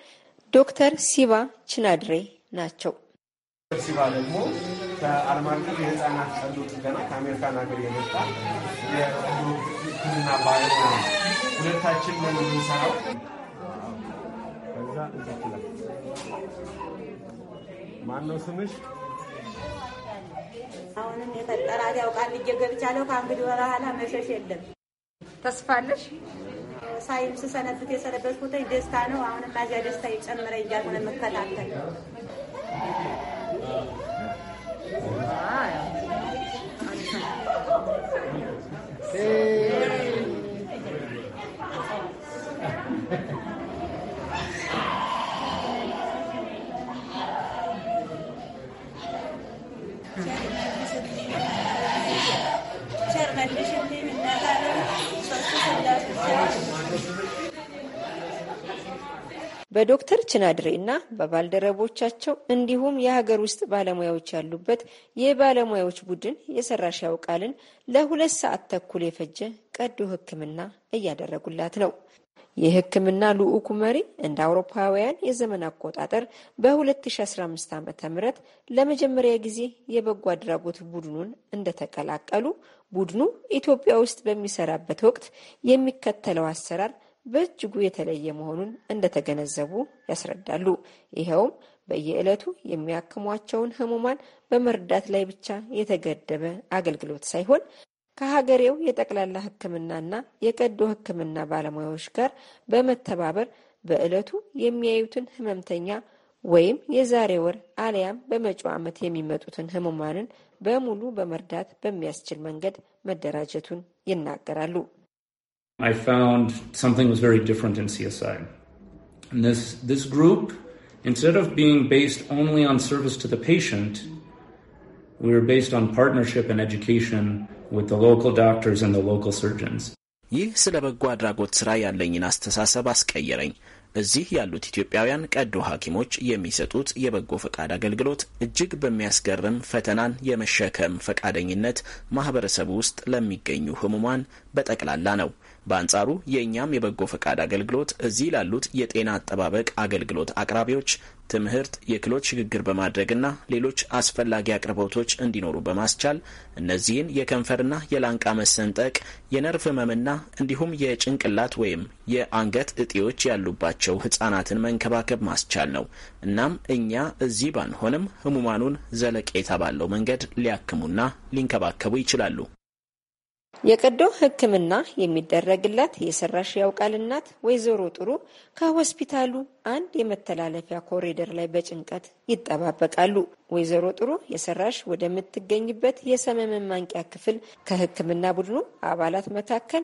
ዶክተር ሲባ ችናድሬ ናቸው። ሲባ ደግሞ ከዓለም አቀፍ የህፃናት ቀዶ ጥገና ከአሜሪካን ሀገር የመጣ ሕክምና ባለሙያ ሁለታችን ነው የምንሰራው። ማነው ስምሽ? አሁንም የፈጠራት ያውቃል። እየገብቻለሁ ከአንግዲህ በኋላ መሸሽ የለም። ተስፋለሽ ሳይም ስሰነብት የሰነበትኩት ደስታ ነው። አሁንም እዚያ ደስታ ይጨምረ እያልሆነ መከታተል Ah, é. በዶክተር ችናድሬ እና በባልደረቦቻቸው እንዲሁም የሀገር ውስጥ ባለሙያዎች ያሉበት የባለሙያዎች ቡድን የሰራሽ ያውቃልን ለሁለት ሰዓት ተኩል የፈጀ ቀዶ ሕክምና እያደረጉላት ነው። የሕክምና ልዑኩ መሪ እንደ አውሮፓውያን የዘመን አቆጣጠር በ2015 ዓ ም ለመጀመሪያ ጊዜ የበጎ አድራጎት ቡድኑን እንደተቀላቀሉ ቡድኑ ኢትዮጵያ ውስጥ በሚሰራበት ወቅት የሚከተለው አሰራር በእጅጉ የተለየ መሆኑን እንደተገነዘቡ ያስረዳሉ። ይኸውም በየዕለቱ የሚያክሟቸውን ህሙማን በመርዳት ላይ ብቻ የተገደበ አገልግሎት ሳይሆን ከሀገሬው የጠቅላላ ሕክምናና የቀዶ ሕክምና ባለሙያዎች ጋር በመተባበር በዕለቱ የሚያዩትን ህመምተኛ ወይም የዛሬ ወር አሊያም በመጪው ዓመት የሚመጡትን ህሙማንን በሙሉ በመርዳት በሚያስችል መንገድ መደራጀቱን ይናገራሉ። I found something was very different in CSI. And this, this group, instead of being based only on service to the patient, we were based on partnership and education with the local doctors and the local surgeons. ይህ ስለ በጎ አድራጎት ስራ ያለኝን አስተሳሰብ አስቀየረኝ። እዚህ ያሉት ኢትዮጵያውያን ቀዶ ሐኪሞች የሚሰጡት የበጎ ፈቃድ አገልግሎት እጅግ በሚያስገርም ፈተናን የመሸከም ፈቃደኝነት ማህበረሰቡ ውስጥ ለሚገኙ ህሙማን በጠቅላላ ነው። በአንጻሩ የእኛም የበጎ ፈቃድ አገልግሎት እዚህ ላሉት የጤና አጠባበቅ አገልግሎት አቅራቢዎች ትምህርት፣ የክሎች ሽግግር በማድረግና ሌሎች አስፈላጊ አቅርቦቶች እንዲኖሩ በማስቻል እነዚህን የከንፈርና የላንቃ መሰንጠቅ፣ የነርቭ ህመምና እንዲሁም የጭንቅላት ወይም የአንገት እጢዎች ያሉባቸው ህጻናትን መንከባከብ ማስቻል ነው። እናም እኛ እዚህ ባንሆንም ህሙማኑን ዘለቄታ ባለው መንገድ ሊያክሙና ሊንከባከቡ ይችላሉ። የቀዶ ሕክምና የሚደረግላት የሰራሽ ያውቃል እናት ወይዘሮ ጥሩ ከሆስፒታሉ አንድ የመተላለፊያ ኮሪደር ላይ በጭንቀት ይጠባበቃሉ። ወይዘሮ ጥሩ የሰራሽ ወደምትገኝበት የሰመመን ማንቂያ ክፍል ከሕክምና ቡድኑ አባላት መካከል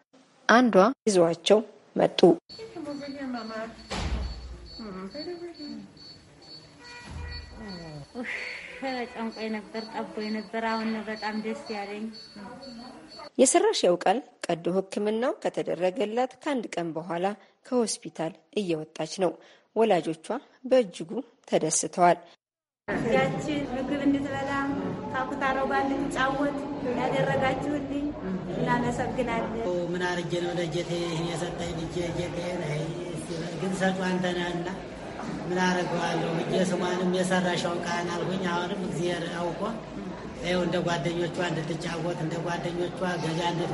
አንዷ ይዘዋቸው መጡ። ተጨንቆኝ ነበር፣ ጠቦኝ ነበር። አሁን ነው በጣም ደስ ያለኝ። የሰራሽ ያውቃል። ቀዶ ሕክምናው ከተደረገላት ከአንድ ቀን በኋላ ከሆስፒታል እየወጣች ነው። ወላጆቿ በእጅጉ ተደስተዋል። ያችን ምግብ እንድትበላ ታኩታረው ጋር እንድንጫወት ያደረጋችሁልኝ እናመሰግናለን። ምን አርጌ ነው ደጀቴ ይህን የሰጠኝ ልጄ ጌቴ ግን ሰጡ አንተና አንተናና ምን አረገዋለሁ ብዬ ስሟንም የሰራሻውን ካህን አልሁኝ። አሁንም እግዚአብሔር አውቆ ይኸው እንደ ጓደኞቿ እንድትጫወት እንደ ጓደኞቿ ገዛ እንድት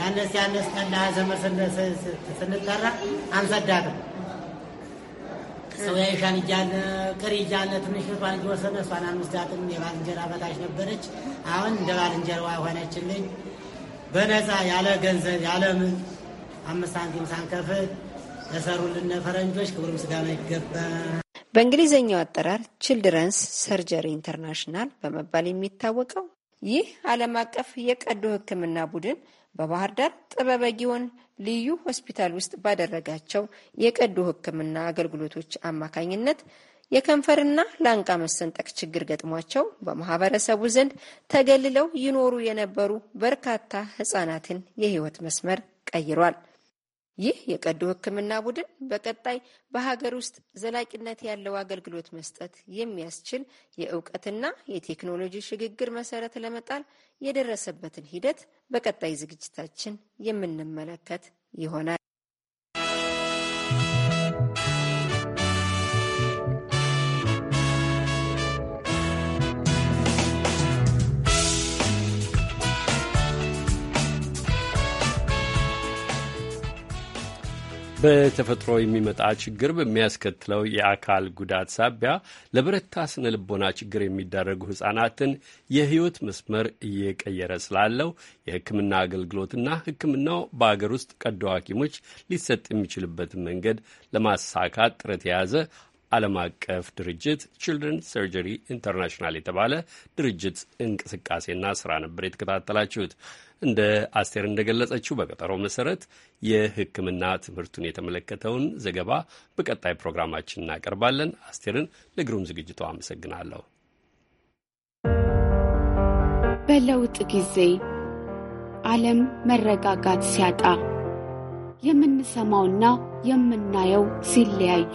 ያነስ ያነስ ቀላ ዘመድ ስንጠራ አንሰዳትም። ሰው ያይሻን እያለ ቅሪ እያለ ትንሽ ልጇን እየወሰነ እሷን አንወስዳትም። የባልንጀራ በታች ነበረች። አሁን እንደ ባልንጀራዋ ሆነችልኝ። በነፃ ያለ ገንዘብ ያለ ምን አምስት ሳንቲም ሳንከፍል ለሰሩልን ፈረንጆች ክብር ምስጋና ይገባል። በእንግሊዝኛው አጠራር ችልድረንስ ሰርጀሪ ኢንተርናሽናል በመባል የሚታወቀው ይህ ዓለም አቀፍ የቀዶ ሕክምና ቡድን በባህር ዳር ጥበበጊዮን ልዩ ሆስፒታል ውስጥ ባደረጋቸው የቀዶ ሕክምና አገልግሎቶች አማካኝነት የከንፈርና ላንቃ መሰንጠቅ ችግር ገጥሟቸው በማህበረሰቡ ዘንድ ተገልለው ይኖሩ የነበሩ በርካታ ህጻናትን የህይወት መስመር ቀይሯል። ይህ የቀዶ ሕክምና ቡድን በቀጣይ በሀገር ውስጥ ዘላቂነት ያለው አገልግሎት መስጠት የሚያስችል የእውቀትና የቴክኖሎጂ ሽግግር መሰረት ለመጣል የደረሰበትን ሂደት በቀጣይ ዝግጅታችን የምንመለከት ይሆናል። በተፈጥሮ የሚመጣ ችግር በሚያስከትለው የአካል ጉዳት ሳቢያ ለበረታ ስነ ልቦና ችግር የሚዳረጉ ህጻናትን የህይወት መስመር እየቀየረ ስላለው የሕክምና አገልግሎትና ሕክምናው በአገር ውስጥ ቀዶ ሐኪሞች ሊሰጥ የሚችልበትን መንገድ ለማሳካት ጥረት የያዘ ዓለም አቀፍ ድርጅት ችልድረን ሰርጀሪ ኢንተርናሽናል የተባለ ድርጅት እንቅስቃሴና ስራ ነበር የተከታተላችሁት። እንደ አስቴር እንደገለጸችው በቀጠሮ መሰረት የሕክምና ትምህርቱን የተመለከተውን ዘገባ በቀጣይ ፕሮግራማችን እናቀርባለን። አስቴርን ለግሩም ዝግጅቷ አመሰግናለሁ። በለውጥ ጊዜ ዓለም መረጋጋት ሲያጣ የምንሰማውና የምናየው ሲለያዩ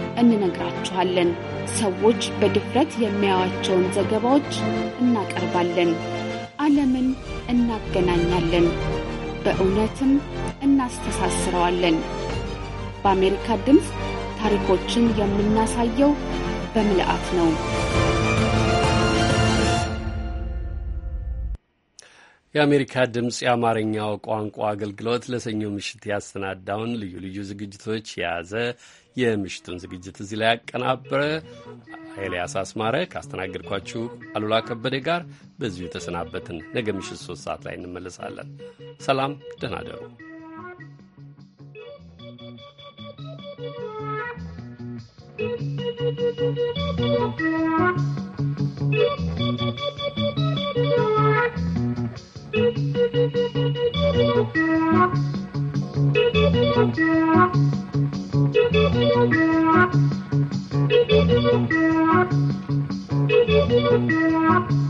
እንነግራችኋለን። ሰዎች በድፍረት የሚያዩዋቸውን ዘገባዎች እናቀርባለን። ዓለምን እናገናኛለን፣ በእውነትም እናስተሳስረዋለን። በአሜሪካ ድምፅ ታሪኮችን የምናሳየው በምልአት ነው። የአሜሪካ ድምፅ የአማርኛው ቋንቋ አገልግሎት ለሰኞ ምሽት ያሰናዳውን ልዩ ልዩ ዝግጅቶች የያዘ የምሽቱን ዝግጅት እዚህ ላይ ያቀናበረ ኤልያስ አስማረ ካስተናገድኳችሁ አሉላ ከበደ ጋር በዚሁ የተሰናበትን። ነገ ምሽት ሶስት ሰዓት ላይ እንመለሳለን። ሰላም፣ ደህና ደሩ። Thank you.